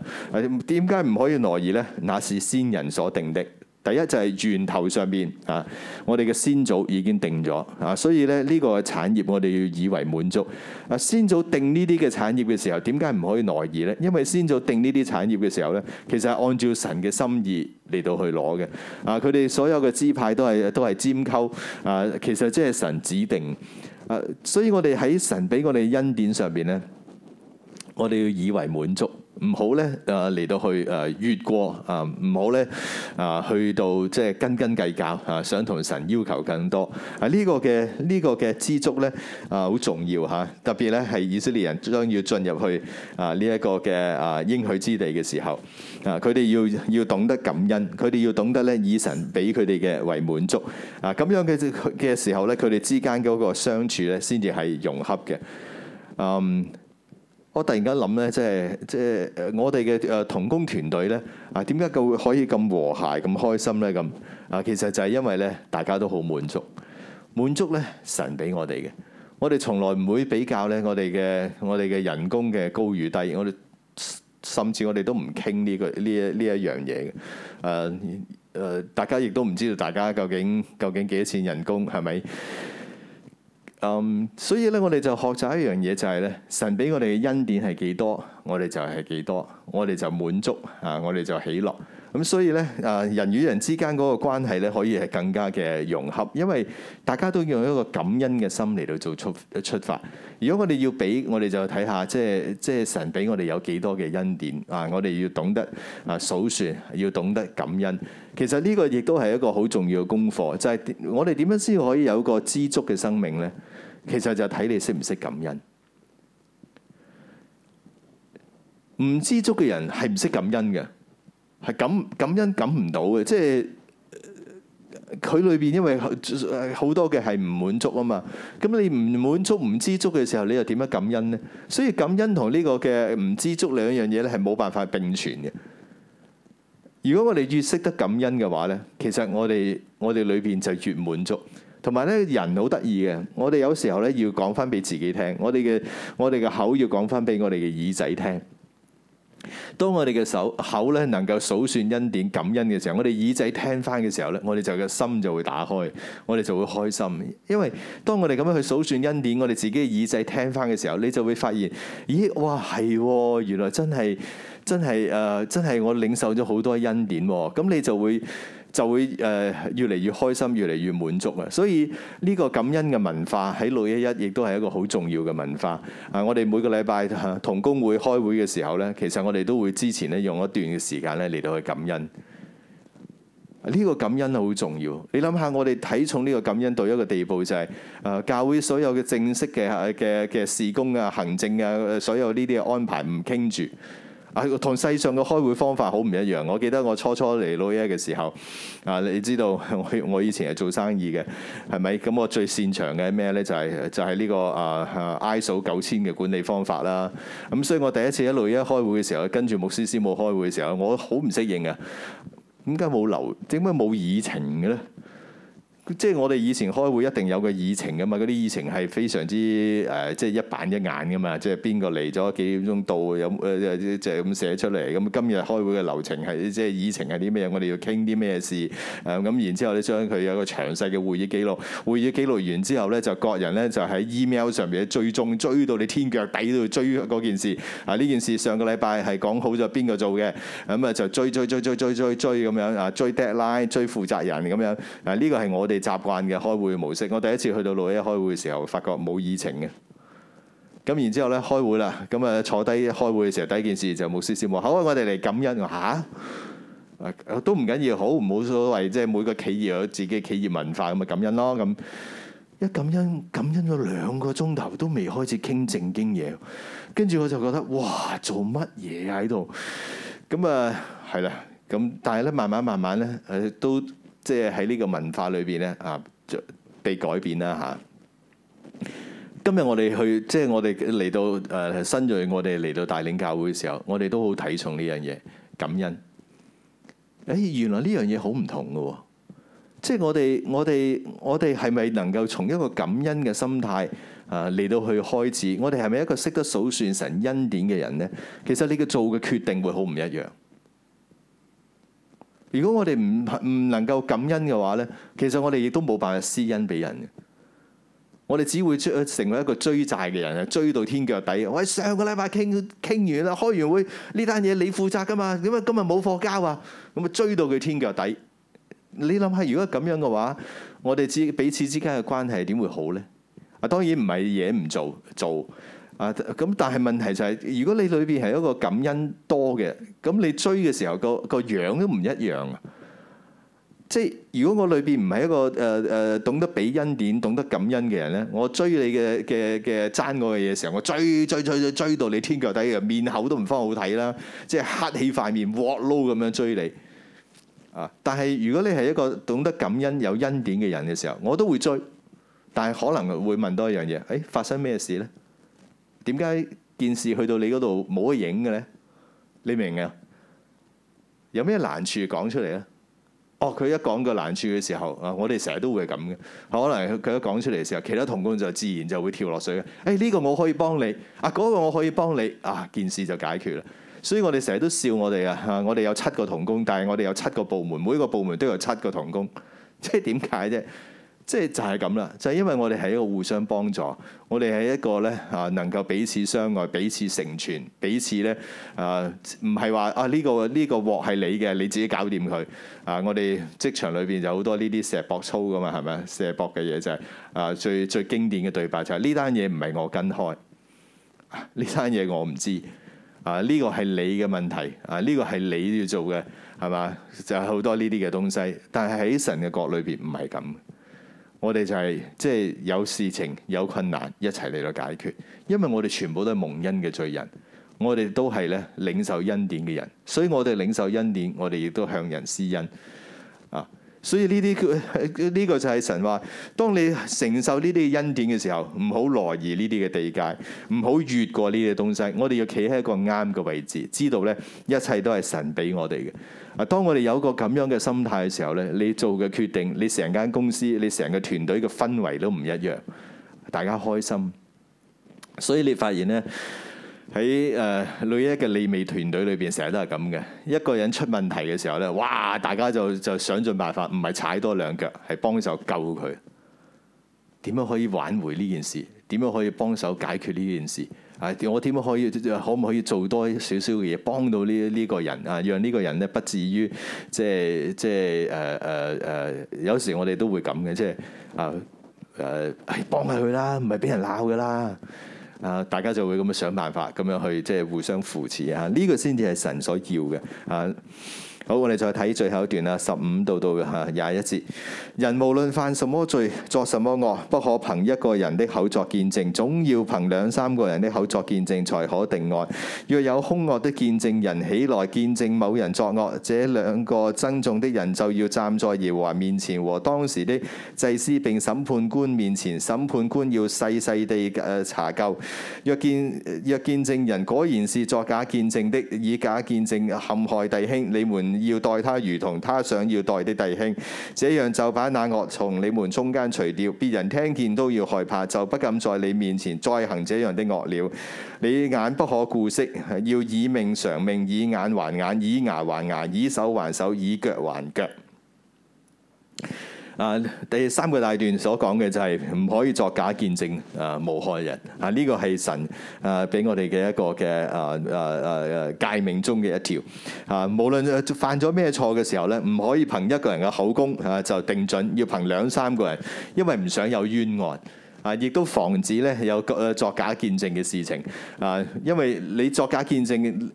點解唔可以挪移呢？那是先人所定的。第一就係、是、源頭上邊啊，我哋嘅先祖已經定咗啊，所以咧呢個產業我哋要以為滿足啊。先祖定呢啲嘅產業嘅時候，點解唔可以挪移呢？因為先祖定呢啲產業嘅時候呢，其實係按照神嘅心意嚟到去攞嘅啊。佢哋所有嘅支派都係都係尖溝啊。其實即係神指定啊，所以我哋喺神俾我哋恩典上邊呢，我哋要以為滿足。唔好咧，誒嚟到去誒越過啊！唔好咧，啊去到即係斤斤計較啊，想同神要求更多啊！呢、這個嘅呢、這個嘅知足咧啊，好重要嚇，特別咧係以色列人將要進入去啊呢一個嘅啊應許之地嘅時候啊，佢哋要要懂得感恩，佢哋要懂得咧以神俾佢哋嘅為滿足啊，咁樣嘅嘅時候咧，佢哋之間嗰個相處咧先至係融洽嘅，嗯。我突然間諗呢，即係即係我哋嘅誒同工團隊呢，啊點解佢會可以咁和諧、咁開心呢？咁啊，其實就係因為呢，大家都好滿足，滿足呢，神俾我哋嘅。我哋從來唔會比較呢，我哋嘅我哋嘅人工嘅高與低，我哋甚至我哋都唔傾呢個呢一呢一樣嘢嘅。誒、呃、誒、呃，大家亦都唔知道大家究竟究竟幾多錢人工係咪？是咁、嗯、所以咧、就是，我哋就學習一樣嘢，就係咧，神俾我哋嘅恩典係幾多，我哋就係幾多，我哋就滿足啊，我哋就喜樂。咁所以咧，誒，人與人之間嗰個關係咧，可以係更加嘅融合，因為大家都用一個感恩嘅心嚟到做出出發。如果我哋要俾我哋就睇下，即係即係神俾我哋有幾多嘅恩典啊，我哋要懂得啊數算，要懂得感恩。其實呢個亦都係一個好重要嘅功課，就係、是、我哋點樣先可以有個知足嘅生命咧？其實就睇你識唔識感恩，唔知足嘅人係唔識感恩嘅，係感感恩感唔到嘅。即係佢裏邊因為好多嘅係唔滿足啊嘛。咁你唔滿足、唔知足嘅時候，你又點樣感恩呢？所以感恩同呢個嘅唔知足兩樣嘢咧，係冇辦法並存嘅。如果我哋越識得感恩嘅話咧，其實我哋我哋裏邊就越滿足。同埋咧，人好得意嘅。我哋有時候咧，要講翻俾自己聽。我哋嘅我哋嘅口要講翻俾我哋嘅耳仔聽。當我哋嘅手口咧能夠數算恩典感恩嘅時候，我哋耳仔聽翻嘅時候咧，我哋就嘅心就會打開，我哋就會開心。因為當我哋咁樣去數算恩典，我哋自己嘅耳仔聽翻嘅時候，你就會發現，咦，哇，係，原來真係真係誒，真係、呃、我領受咗好多恩典喎。咁你就會。就會誒越嚟越開心，越嚟越滿足啊！所以呢個感恩嘅文化喺六一一亦都係一個好重要嘅文化啊！我哋每個禮拜同工會開會嘅時候呢，其實我哋都會之前呢用一段嘅時間呢嚟到去感恩。呢個感恩好重要，你諗下我哋睇重呢個感恩到一個地步，就係誒教會所有嘅正式嘅嘅嘅事工啊、行政啊、所有呢啲嘅安排唔傾住。同世上嘅開會方法好唔一樣。我記得我初初嚟六一一嘅時候，啊，你知道我，我以前係做生意嘅，係咪？咁我最擅長嘅咩呢？就係、是、就係、是、呢、這個啊 ISO 9000嘅管理方法啦。咁所以我第一次喺六一一開會嘅時候，跟住牧師師母開會嘅時候，我好唔適應嘅。點解冇留？點解冇議程嘅呢？即係我哋以前開會一定有個議程噶嘛，嗰啲議程係非常之誒，即係一板一眼噶嘛，即係邊個嚟咗幾點鐘到，有誒就係咁寫出嚟。咁今日開會嘅流程係即係議程係啲咩？我哋要傾啲咩事？咁然之後咧，將佢有個詳細嘅會議記錄。會議記錄完之後咧，就各人咧就喺 email 上面最終追到你天腳底度追嗰件事。啊呢件事上個禮拜係講好咗邊個做嘅，咁啊就追追追追追追追咁樣啊追 deadline、追負責人咁樣。啊呢個係我哋。習慣嘅開會模式，我第一次去到老一開會嘅時候，發覺冇議程嘅。咁然之後呢，開會啦，咁啊坐低開會嘅時候，第一件事就冇事事忙。好我啊，我哋嚟感恩啊吓，都唔緊要，好唔冇所謂。即係每個企業有自己企業文化，咁咪感恩咯。咁一感恩，感恩咗兩個鐘頭都未開始傾正經嘢，跟住我就覺得哇，做乜嘢喺度？咁啊，係、啊、啦。咁但係呢，慢慢慢慢呢。誒都。即係喺呢個文化裏邊咧啊，被改變啦吓。今日我哋去，即係我哋嚟到誒新瑞，我哋嚟到大嶺教會嘅時候，我哋都好睇重呢樣嘢感恩。誒、哎，原來呢樣嘢好唔同嘅喎。即係我哋我哋我哋係咪能夠從一個感恩嘅心態啊嚟到去開始？我哋係咪一個識得數算神恩典嘅人咧？其實你嘅做嘅決定會好唔一樣。如果我哋唔唔能夠感恩嘅話咧，其實我哋亦都冇辦法施恩俾人嘅。我哋只會做成為一個追債嘅人啊，追到天腳底。我喺上個禮拜傾傾完啦，開完會，呢單嘢你負責㗎嘛，點解今日冇貨交啊？咁啊追到佢天腳底。你諗下，如果咁樣嘅話，我哋之彼此之間嘅關係點會好咧？啊，當然唔係嘢唔做做。做咁但係問題就係、是，如果你裏邊係一個感恩多嘅，咁你追嘅時候、那個、那個樣都唔一樣啊。即係如果我裏邊唔係一個誒誒、呃、懂得俾恩典、懂得感恩嘅人咧，我追你嘅嘅嘅爭我嘅嘢嘅時候，我追追追追追，追到你天腳底嘅面口都唔方好睇啦，即係黑起塊面鑊撈咁樣追你啊！但係如果你係一個懂得感恩有恩典嘅人嘅時候，我都會追，但係可能會問多一樣嘢：誒、欸，發生咩事咧？點解件事去到你嗰度冇得影嘅咧？你明啊？有咩難處講出嚟咧？哦，佢一講個難處嘅時候啊，我哋成日都會咁嘅。可能佢一講出嚟時候，其他同工就自然就會跳落水嘅。誒，呢個我可以幫你，啊，嗰個我可以幫你，啊，件事就解決啦。所以我哋成日都笑我哋啊，我哋有七個同工，但係我哋有七個部門，每個部門都有七個同工，即係點解啫？即係就係咁啦，就係因為我哋係一個互相幫助，我哋係一個咧啊，能夠彼此相愛、彼此成全、彼此咧啊，唔係話啊呢個呢個鑊係你嘅，你自己搞掂佢啊。我哋職場裏邊就好多呢啲石博粗噶嘛，係咪啊？石博嘅嘢就係啊，最最經典嘅對白就係呢單嘢唔係我跟開呢單嘢，我唔知啊。呢個係你嘅問題啊，呢個係你要做嘅係嘛？就係好多呢啲嘅東西，但係喺神嘅國裏邊唔係咁。我哋就係即係有事情有困難一齊嚟到解決，因為我哋全部都係蒙恩嘅罪人，我哋都係咧領受恩典嘅人，所以我哋領受恩典，我哋亦都向人施恩啊。所以呢啲叫呢個就係神話。當你承受呢啲恩典嘅時候，唔好挪移呢啲嘅地界，唔好越過呢啲東西。我哋要企喺一個啱嘅位置，知道呢一切都係神俾我哋嘅。啊，當我哋有個咁樣嘅心態嘅時候呢，你做嘅決定，你成間公司，你成個團隊嘅氛圍都唔一樣，大家開心。所以你發現呢。喺誒、呃呃、女一嘅利未團隊裏邊，成日都係咁嘅。一個人出問題嘅時候咧，哇！大家就就想盡辦法，唔係踩多兩腳，係幫手救佢。點樣可以挽回呢件事？點樣可以幫手解決呢件事？啊，我點樣可以？可唔可以做多少少嘅嘢，幫到呢呢個人啊？讓呢個人咧，不至於即係即係誒誒誒。有時我哋都會咁嘅，即係啊誒，幫、呃哎、下佢啦，唔係俾人鬧嘅啦。啊！大家就會咁樣想辦法，咁樣去即係互相扶持嚇，呢個先至係神所要嘅啊！好，我哋再睇最後一段啦，十五度到廿一節。人無論犯什麼罪，作什麼惡，不可憑一個人的口作見證，總要憑兩三個人的口作見證，才可定案。若有凶惡的見證人起來見證某人作惡，這兩個爭訟的人就要站在耶和華面前和當時的祭司並審判官面前，審判官要細細地查究。若見若見證人果然是作假見證的，以假見證陷害弟兄，你們，要待他如同他想要待的弟兄，這樣就把那惡從你們中間除掉。別人聽見都要害怕，就不敢在你面前再行這樣的惡了。你眼不可顧惜，要以命償命，以眼還眼，以牙還牙，以手還手，以腳還腳。啊，第三個大段所講嘅就係唔可以作假見證啊，誣害人啊，呢個係神啊俾我哋嘅一個嘅啊啊啊誡命中嘅一條啊，無論犯咗咩錯嘅時候咧，唔可以憑一個人嘅口供啊就定準，要憑兩三個人，因為唔想有冤案。啊！亦都防止咧有作假見證嘅事情啊，因為你作假見證誒誒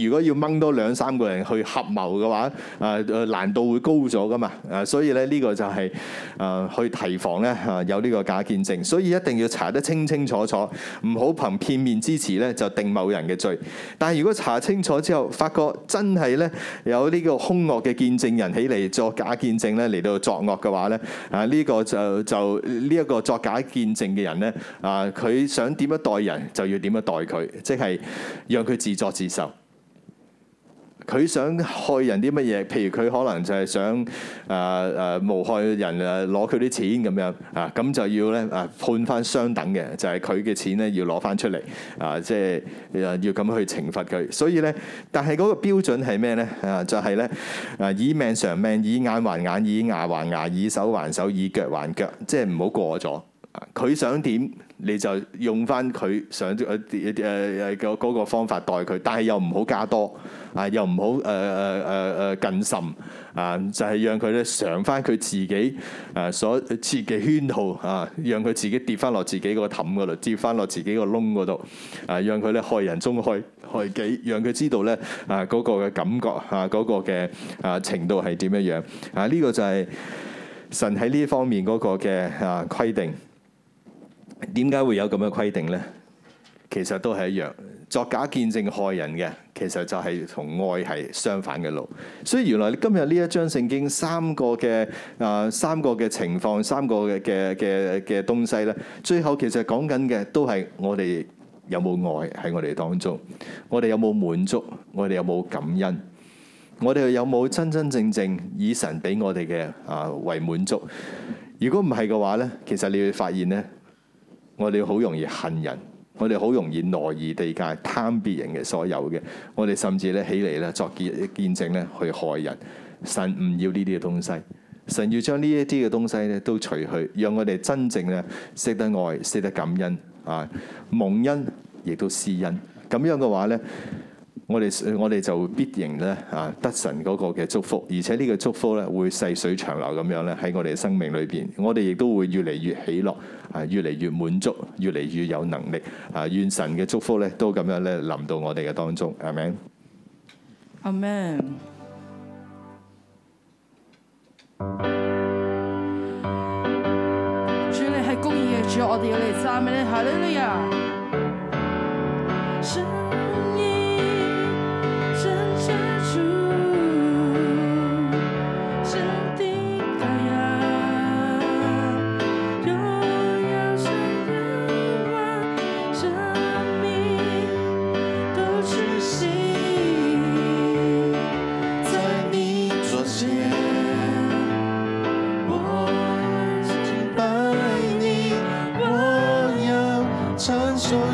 誒，如果要掹多兩三個人去合謀嘅話，啊、呃、誒難度會高咗㗎嘛啊，所以咧呢個就係、是、啊、呃、去提防咧啊有呢個假見證，所以一定要查得清清楚楚，唔好憑片面之詞咧就定某人嘅罪。但係如果查清楚之後，發覺真係咧有呢個兇惡嘅見證人起嚟作假見證咧嚟到作惡嘅話咧啊，呢、這個就就。呢一個作假見證嘅人咧，啊，佢想點樣待人，就要點樣待佢，即係讓佢自作自受。佢想害人啲乜嘢？譬如佢可能就係想誒誒，冒、呃呃、害人誒攞佢啲錢咁樣啊，咁就要咧啊判翻相等嘅，就係佢嘅錢咧要攞翻出嚟啊，即係誒要咁去懲罰佢。所以咧，但係嗰個標準係咩咧？啊，就係、是、咧啊，就是、以命償命，以眼還眼，以牙還牙，以手還手，以腳還腳，即係唔好過咗。佢想點，你就用翻佢想一啲一啲嘅方法待佢，但係又唔好加多啊，又唔好誒誒誒誒近甚，啊，就係、是、讓佢咧嘗翻佢自己啊所設嘅圈套啊，讓佢自己跌翻落自己個氹嗰度，跌翻落自己個窿嗰度啊，讓佢咧害人終害害己，讓佢知道咧啊嗰個嘅感覺啊嗰、那個嘅啊程度係點樣樣啊？呢、這個就係神喺呢一方面嗰個嘅啊規定。點解會有咁嘅規定呢？其實都係一樣，作假見證害人嘅，其實就係同愛係相反嘅路。所以原來今日呢一章聖經三個嘅啊，三個嘅情況，三個嘅嘅嘅嘅東西咧，最後其實講緊嘅都係我哋有冇愛喺我哋當中，我哋有冇滿足，我哋有冇感恩，我哋有冇真真正正以神俾我哋嘅啊為滿足。如果唔係嘅話呢，其實你會發現呢。我哋好容易恨人，我哋好容易挪移地界，貪別人嘅所有嘅，我哋甚至咧起嚟咧作見見證咧去害人。神唔要呢啲嘅東西，神要將呢一啲嘅東西咧都除去，讓我哋真正咧識得愛，識得感恩啊，蒙恩亦都施恩。咁樣嘅話咧。我哋我哋就必贏咧啊！得神嗰個嘅祝福，而且呢個祝福咧會細水長流咁樣咧喺我哋嘅生命裏邊，我哋亦都會越嚟越喜樂，啊越嚟越滿足，越嚟越有能力啊！願神嘅祝福咧都咁樣咧臨到我哋嘅當中，係咪？阿 Amen。主你係公義嘅主，我哋要讚美你，Hallelujah。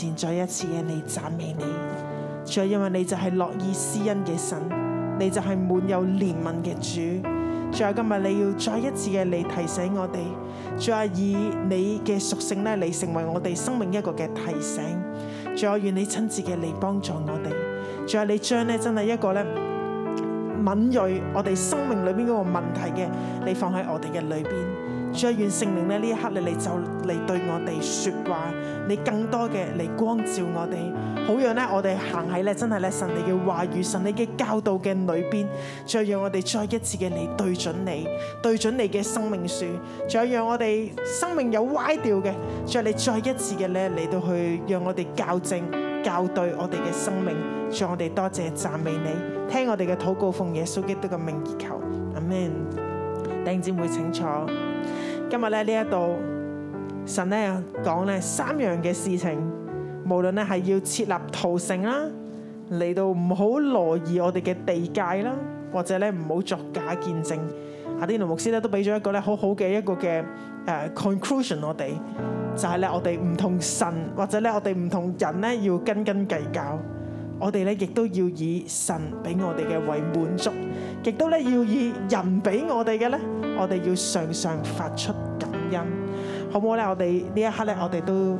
前再一次嘅你讚美你，仲有因為你就係樂意施恩嘅神，你就係滿有憐憫嘅主。仲有今日你要再一次嘅你提醒我哋，仲有以你嘅屬性咧，你成為我哋生命一個嘅提醒。仲有願你親自嘅嚟幫助我哋，仲有你將咧真係一個咧敏銳我哋生命裏邊嗰個問題嘅，你放喺我哋嘅裏邊。再願聖靈咧，呢一刻你嚟就嚟對我哋說話，你更多嘅嚟光照我哋，好讓咧我哋行喺咧真係咧神你嘅話語、神你嘅教導嘅裏邊，再讓我哋再一次嘅嚟對準你，對準你嘅生命樹，再讓我哋生命有歪掉嘅，再你再一次嘅咧嚟到去讓我哋校正校對我哋嘅生命，讓我哋多謝讚美你，聽我哋嘅禱告奉耶穌基督嘅名而求，阿門。弟兄姊妹請坐。今日咧呢一度，神咧講咧三樣嘅事情，無論咧係要設立逃城啦，嚟到唔好挪移我哋嘅地界啦，或者咧唔好作假見證。阿啲羅牧師咧都俾咗一個咧好好嘅一個嘅誒 conclusion，我哋就係咧我哋唔同神，或者咧我哋唔同人咧要斤斤計較。我哋咧亦都要以神俾我哋嘅為滿足，亦都咧要以人俾我哋嘅咧，我哋要常常發出感恩，好唔好咧？我哋呢一刻咧，我哋都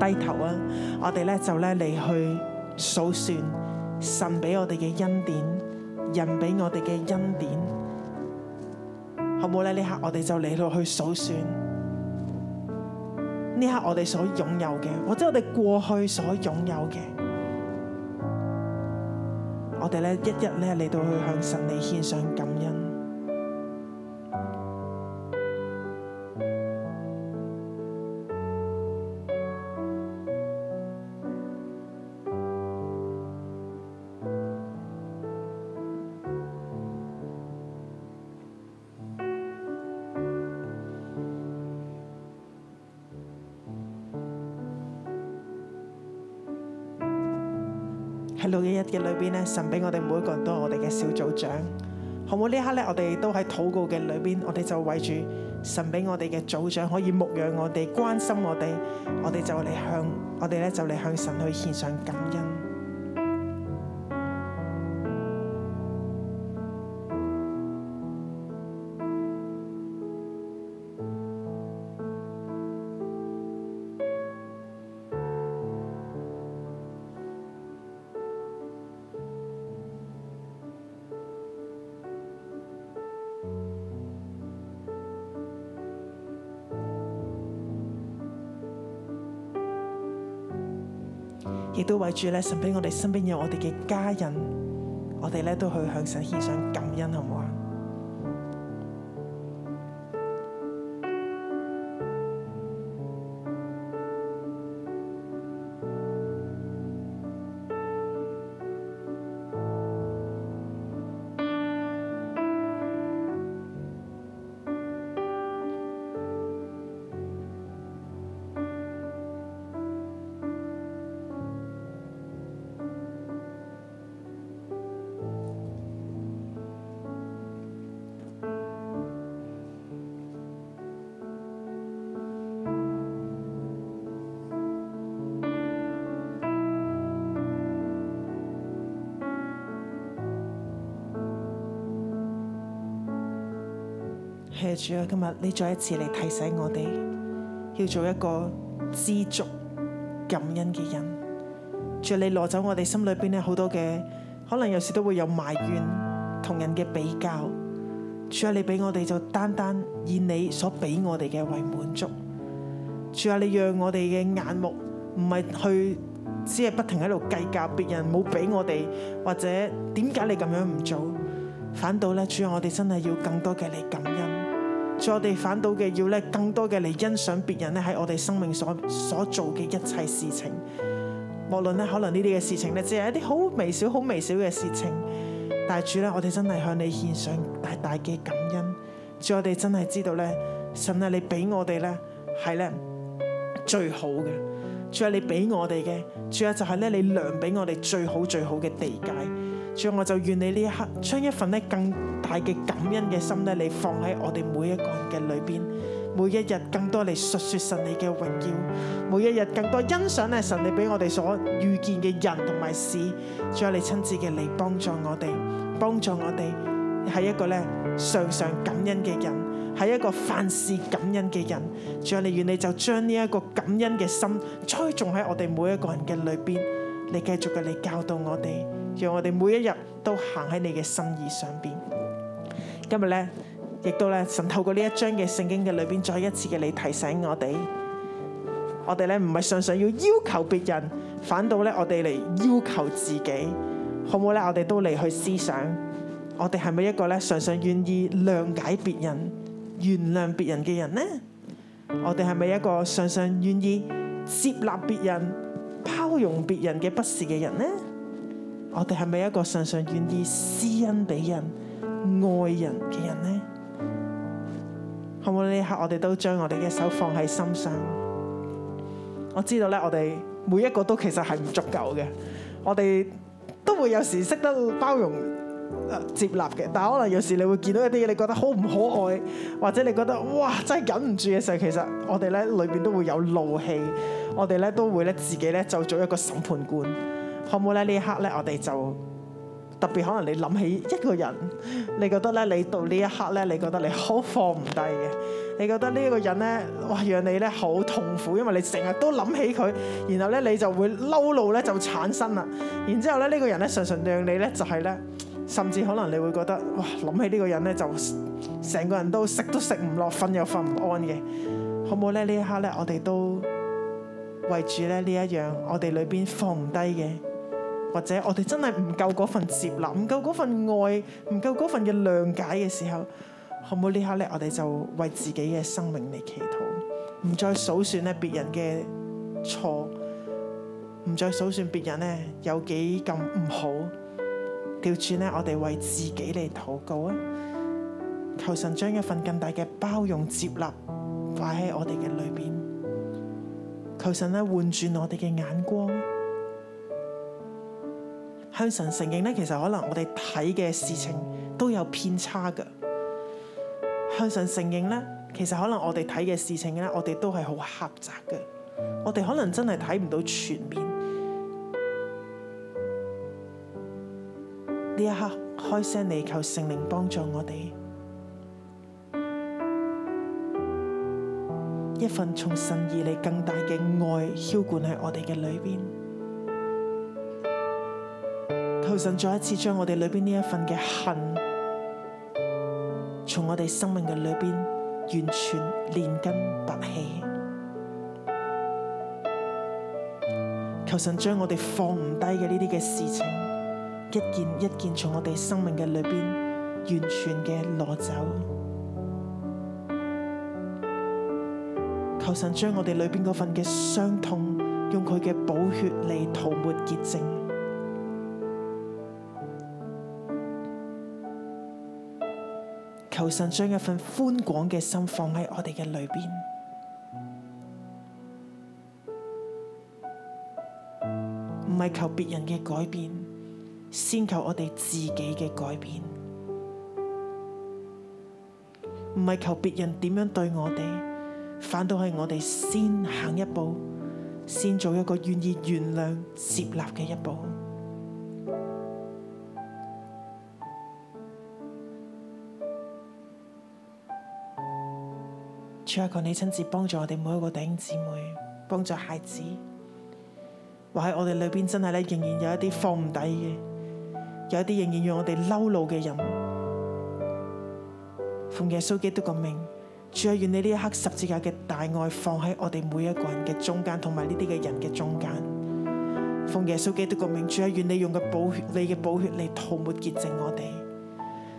低頭啊！我哋咧就咧嚟去數算神俾我哋嘅恩典，人俾我哋嘅恩典，好唔好咧？呢刻我哋就嚟到去數算呢刻我哋所擁有嘅，或者我哋過去所擁有嘅。我哋咧，一日咧嚟到去向神嚟獻上感恩。邊咧，神俾我哋每一個人都係我哋嘅小組長，好冇？呢一刻咧，我哋都喺禱告嘅裏邊，我哋就為住神俾我哋嘅組長可以牧養我哋、關心我哋，我哋就嚟向我哋咧就嚟向神去獻上感恩。都為住咧，神俾我哋身邊有我哋嘅家人，我哋咧都去向神獻上感恩，好唔好啊？謝主啊，今日你再一次嚟提醒我哋，要做一個知足感恩嘅人。主啊，你攞走我哋心裏邊咧好多嘅，可能有時都會有埋怨同人嘅比較。主啊，你俾我哋就單單以你所俾我哋嘅為滿足。主啊，你讓我哋嘅眼目唔係去只係不停喺度計較別人冇俾我哋，或者點解你咁樣唔做，反倒咧主啊，我哋真係要更多嘅嚟感恩。主我哋反倒嘅要咧，更多嘅嚟欣賞別人咧喺我哋生命所所做嘅一切事情，無論咧可能呢啲嘅事情咧，只係一啲好微小、好微小嘅事情。但係主咧，我哋真係向你獻上大大嘅感恩。主我哋真係知道咧，神啊，你俾我哋咧係咧最好嘅。主啊，你俾我哋嘅，主啊，就係咧你量俾我哋最好最好嘅地界。仲有，我就願你呢一刻將一份咧更大嘅感恩嘅心咧，你放喺我哋每一個人嘅裏邊，每一日更多嚟述說神你嘅榮耀，每一日更多欣賞咧神你俾我哋所遇見嘅人同埋事。仲有你親自嘅嚟幫助我哋，幫助我哋係一個咧常常感恩嘅人，係一個凡事感恩嘅人。仲有，你願你就將呢一個感恩嘅心栽種喺我哋每一個人嘅裏邊，你繼續嘅嚟教導我哋。讓我哋每一日都行喺你嘅心意上邊。今日咧，亦都咧，神透過呢一章嘅聖經嘅裏邊，再一次嘅你提醒我哋，我哋咧唔係常常要要求別人，反倒咧我哋嚟要求自己，好唔好咧？我哋都嚟去思想，我哋係咪一個咧常常願意諒解別人、原諒別人嘅人咧？我哋係咪一個常常願意接納別人、包容別人嘅不是嘅人咧？我哋係咪一個常常願意施恩俾人、愛人嘅人呢？好唔好呢一刻，我哋都將我哋嘅手放喺心上。我知道咧，我哋每一個都其實係唔足夠嘅。我哋都會有時識得包容、接納嘅，但係可能有時你會見到一啲嘢，你覺得好唔可愛，或者你覺得哇真係忍唔住嘅時候，其實我哋咧裏邊都會有怒氣，我哋咧都會咧自己咧就做一個審判官。可唔好呢？呢一刻呢，我哋就特別可能你諗起一個人，你覺得咧，你到呢一刻呢，你覺得你好放唔低嘅，你覺得呢一個人呢，哇，讓你呢好痛苦，因為你成日都諗起佢，然後呢，你就會嬲怒呢，就產生啦。然之後咧呢個人呢，常常讓你呢，就係、係、呢，甚至可能你會覺得哇，諗起呢個人呢，就成個人都食都食唔落，瞓又瞓唔安嘅。好冇咧？呢呢一刻呢，我哋都為住咧呢一樣，我哋裏邊放唔低嘅。或者我哋真係唔夠嗰份接納，唔夠嗰份愛，唔夠嗰份嘅諒解嘅時候，好唔好呢刻咧？我哋就為自己嘅生命嚟祈禱，唔再數算咧別人嘅錯，唔再數算別人咧有幾咁唔好，調轉咧我哋為自己嚟禱告啊！求神將一份更大嘅包容接納擺喺我哋嘅裏邊，求神咧換轉我哋嘅眼光。向神承認咧，其實可能我哋睇嘅事情都有偏差嘅。向神承認咧，其實可能我哋睇嘅事情咧，我哋都係好狹窄嘅。我哋可能真係睇唔到全面。呢一刻，開聲嚟求聖靈幫助我哋，一份從神而嚟更大嘅愛澆灌喺我哋嘅裏邊。求神再一次將我哋裏邊呢一份嘅恨，從我哋生命嘅裏邊完全連根拔起。求神將我哋放唔低嘅呢啲嘅事情，一件一件從我哋生命嘅裏邊完全嘅攞走。求神將我哋裏邊嗰份嘅傷痛，用佢嘅寶血嚟塗抹潔淨。求神將一份寬廣嘅心放喺我哋嘅裏邊，唔係求別人嘅改變，先求我哋自己嘅改變。唔係求別人點樣對我哋，反倒係我哋先行一步，先做一個願意原諒接納嘅一步。主啊，求你親自幫助我哋每一個弟兄姊妹，幫助孩子。話喺我哋裏邊，真係咧仍然有一啲放唔低嘅，有一啲仍然讓我哋嬲怒嘅人。奉耶穌基督嘅名，主啊，願你呢一刻十字架嘅大愛放喺我哋每一個人嘅中間，同埋呢啲嘅人嘅中間。奉耶穌基督嘅名，主啊，願你用嘅寶血，你嘅寶血嚟塗抹潔淨我哋。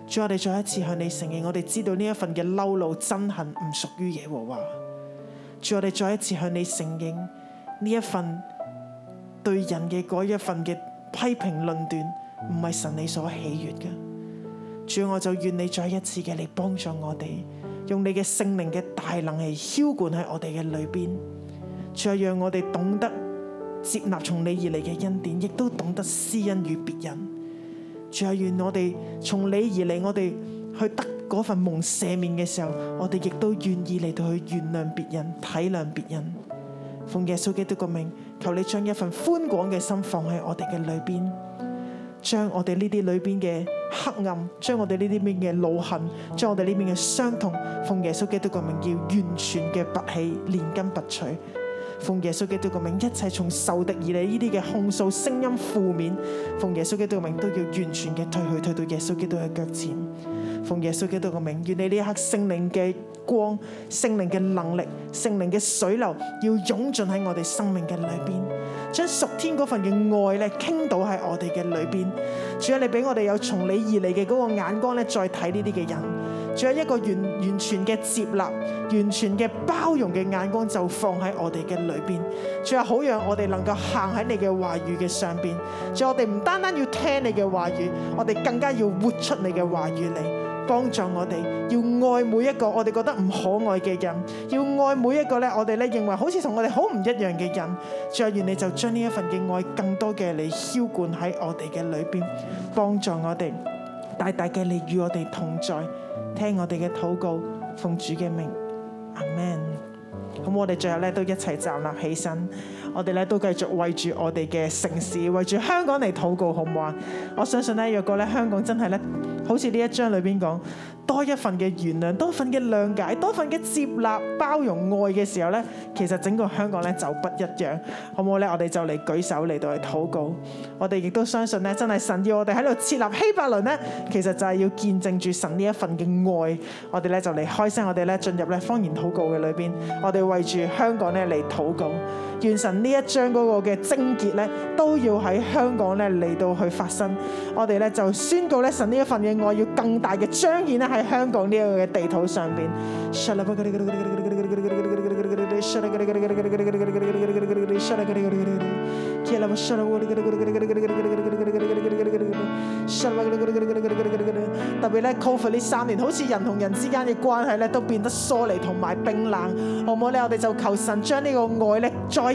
主，我哋再一次向你承認，我哋知道呢一份嘅嬲怒、憎恨唔屬於耶和華。主，我哋再一次向你承認，呢一份對人嘅嗰一份嘅批評論斷，唔係神你所喜悅嘅。主，我就願你再一次嘅嚟幫助我哋，用你嘅聖靈嘅大能嚟澆灌喺我哋嘅裏邊，再讓我哋懂得接納從你而嚟嘅恩典，亦都懂得施恩與別人。就係願我哋從你而嚟，我哋去得嗰份蒙赦免嘅時候，我哋亦都願意嚟到去原諒別人、體諒別人。奉耶穌基督嘅名，求你將一份寬廣嘅心放喺我哋嘅裏邊，將我哋呢啲裏邊嘅黑暗，將我哋呢啲邊嘅惱恨，將我哋呢邊嘅傷痛，奉耶穌基督嘅名，要完全嘅拔起、連根拔除。奉耶穌基督嘅名，一切從仇敵而嚟呢啲嘅控訴聲音負面，奉耶穌基督嘅名都要完全嘅退去，退到耶穌基督嘅腳前。奉耶穌基督嘅名，願你呢一刻聖靈嘅。光聖靈嘅能力，聖靈嘅水流要湧進喺我哋生命嘅裏邊，將屬天嗰份嘅愛咧傾倒喺我哋嘅裏邊。主啊，你俾我哋有從你而嚟嘅嗰個眼光咧，再睇呢啲嘅人。主啊，一個完完全嘅接納、完全嘅包容嘅眼光就放喺我哋嘅裏邊。主啊，好讓我哋能夠行喺你嘅話語嘅上邊。主，我哋唔單單要聽你嘅話語，我哋更加要活出你嘅話語嚟。幫助我哋要愛每一個我哋覺得唔可愛嘅人，要愛每一個咧，我哋咧認為好似同我哋好唔一樣嘅人。最後，你就將呢一份嘅愛更多嘅嚟澆灌喺我哋嘅裏邊，幫助我哋，大大嘅嚟與我哋同在，聽我哋嘅禱告，奉主嘅名。阿門，咁我哋最後咧都一齊站立起身。我哋咧都繼續為住我哋嘅城市，為住香港嚟禱告，好唔好啊？我相信咧，若果咧香港真係咧，好似呢一章裏邊講，多一份嘅原諒，多一份嘅諒解，多份嘅接納、包容、愛嘅時候咧，其實整個香港咧就不一樣，好唔好咧？我哋就嚟舉手嚟到嚟禱告。我哋亦都相信咧，真係神要我哋喺度設立希伯倫咧，其實就係要見證住神呢一份嘅愛。我哋咧就嚟開聲，我哋咧進入咧方言禱告嘅裏邊，我哋為住香港咧嚟禱告。願神呢一章嗰個嘅精結咧，都要喺香港咧嚟到去發生。我哋咧就宣告咧，神呢一份嘅愛要更大嘅彰顯咧，喺香港呢一個嘅地圖上邊。特別咧，Covid 呢三年，好似人同人之間嘅關係咧，都變得疏離同埋冰冷，好唔好咧？我哋就求神將呢個愛咧再。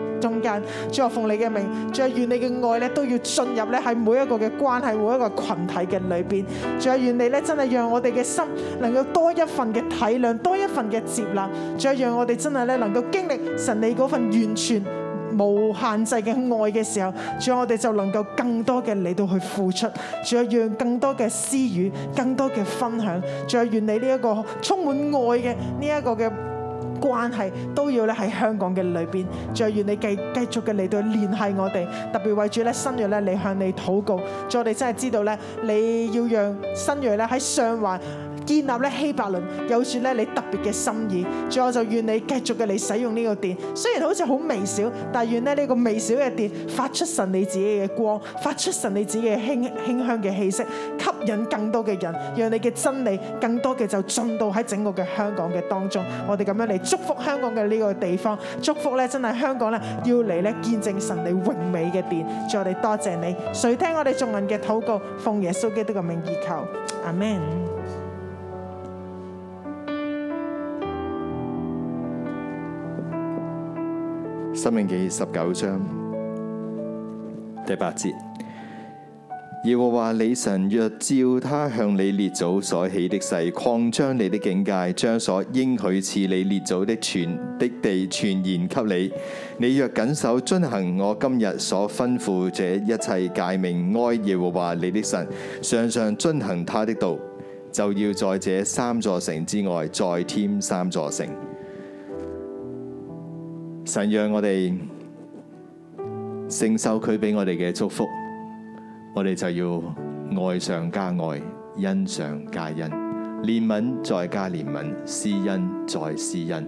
中間，仲有奉你嘅名，仲有願你嘅愛咧，都要進入咧，喺每一個嘅關係，每一個群體嘅裏邊。仲有願你咧，真係讓我哋嘅心能夠多一份嘅體諒，多一份嘅接納。仲有讓我哋真係咧，能夠經歷神你嗰份完全無限制嘅愛嘅時候，仲有我哋就能夠更多嘅嚟到去付出。仲有讓更多嘅私語，更多嘅分享。仲有願你呢一個充滿愛嘅呢一個嘅。關係都要咧喺香港嘅裏邊，再願你繼繼續嘅嚟到聯繫我哋，特別為住咧新月咧嚟向你禱告，我哋真係知道咧你要讓新月咧喺上環。建立咧希伯倫，有住咧你特別嘅心意。最後就願你繼續嘅嚟使用呢個電，雖然好似好微小，但願咧呢個微小嘅電發出神你自己嘅光，發出神你自己嘅馨馨香嘅氣息，吸引更多嘅人，讓你嘅真理更多嘅就進到喺整個嘅香港嘅當中。我哋咁樣嚟祝福香港嘅呢個地方，祝福咧真係香港咧要嚟咧見證神你榮美嘅電。再嚟我哋多謝你，垂聽我哋眾人嘅禱告，奉耶穌基督嘅名而求，阿門。申命記十九章第八節，耶和華你神若照他向你列祖所起的誓，擴張你的境界，將所應許賜你列祖的全的地全然給你，你若謹守遵行我今日所吩咐這一切誡命，愛耶和華你的神，常常遵行他的道，就要在這三座城之外再添三座城。神讓我哋承受佢俾我哋嘅祝福，我哋就要愛上加愛，恩上加恩，憐憫再加憐憫，施恩再施恩。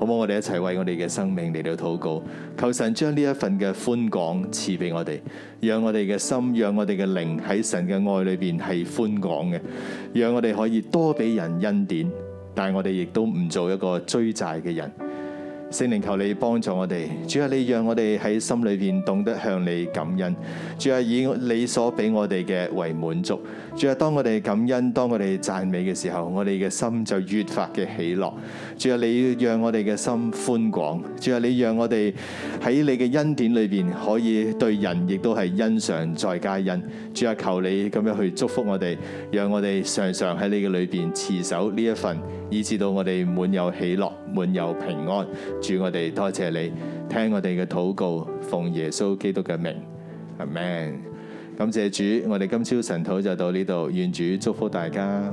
好唔好？我哋一齊為我哋嘅生命嚟到禱告，求神將呢一份嘅寬廣賜俾我哋，讓我哋嘅心，讓我哋嘅靈喺神嘅愛裏邊係寬廣嘅，讓我哋可以多俾人恩典，但係我哋亦都唔做一個追債嘅人。聖靈求你幫助我哋，主啊，你讓我哋喺心裏邊懂得向你感恩，主啊，以你所俾我哋嘅為滿足，主啊，當我哋感恩，當我哋讚美嘅時候，我哋嘅心就越發嘅喜樂，主啊，你讓我哋嘅心寬廣，主啊，你讓我哋喺你嘅恩典裏邊可以對人亦都係欣賞再加恩，主啊，求你咁樣去祝福我哋，讓我哋常常喺你嘅裏邊持守呢一份。以至到我哋滿有喜樂，滿有平安。主我哋多謝你，聽我哋嘅禱告，奉耶穌基督嘅名，amen。感謝主，我哋今朝晨禱就到呢度，願主祝福大家。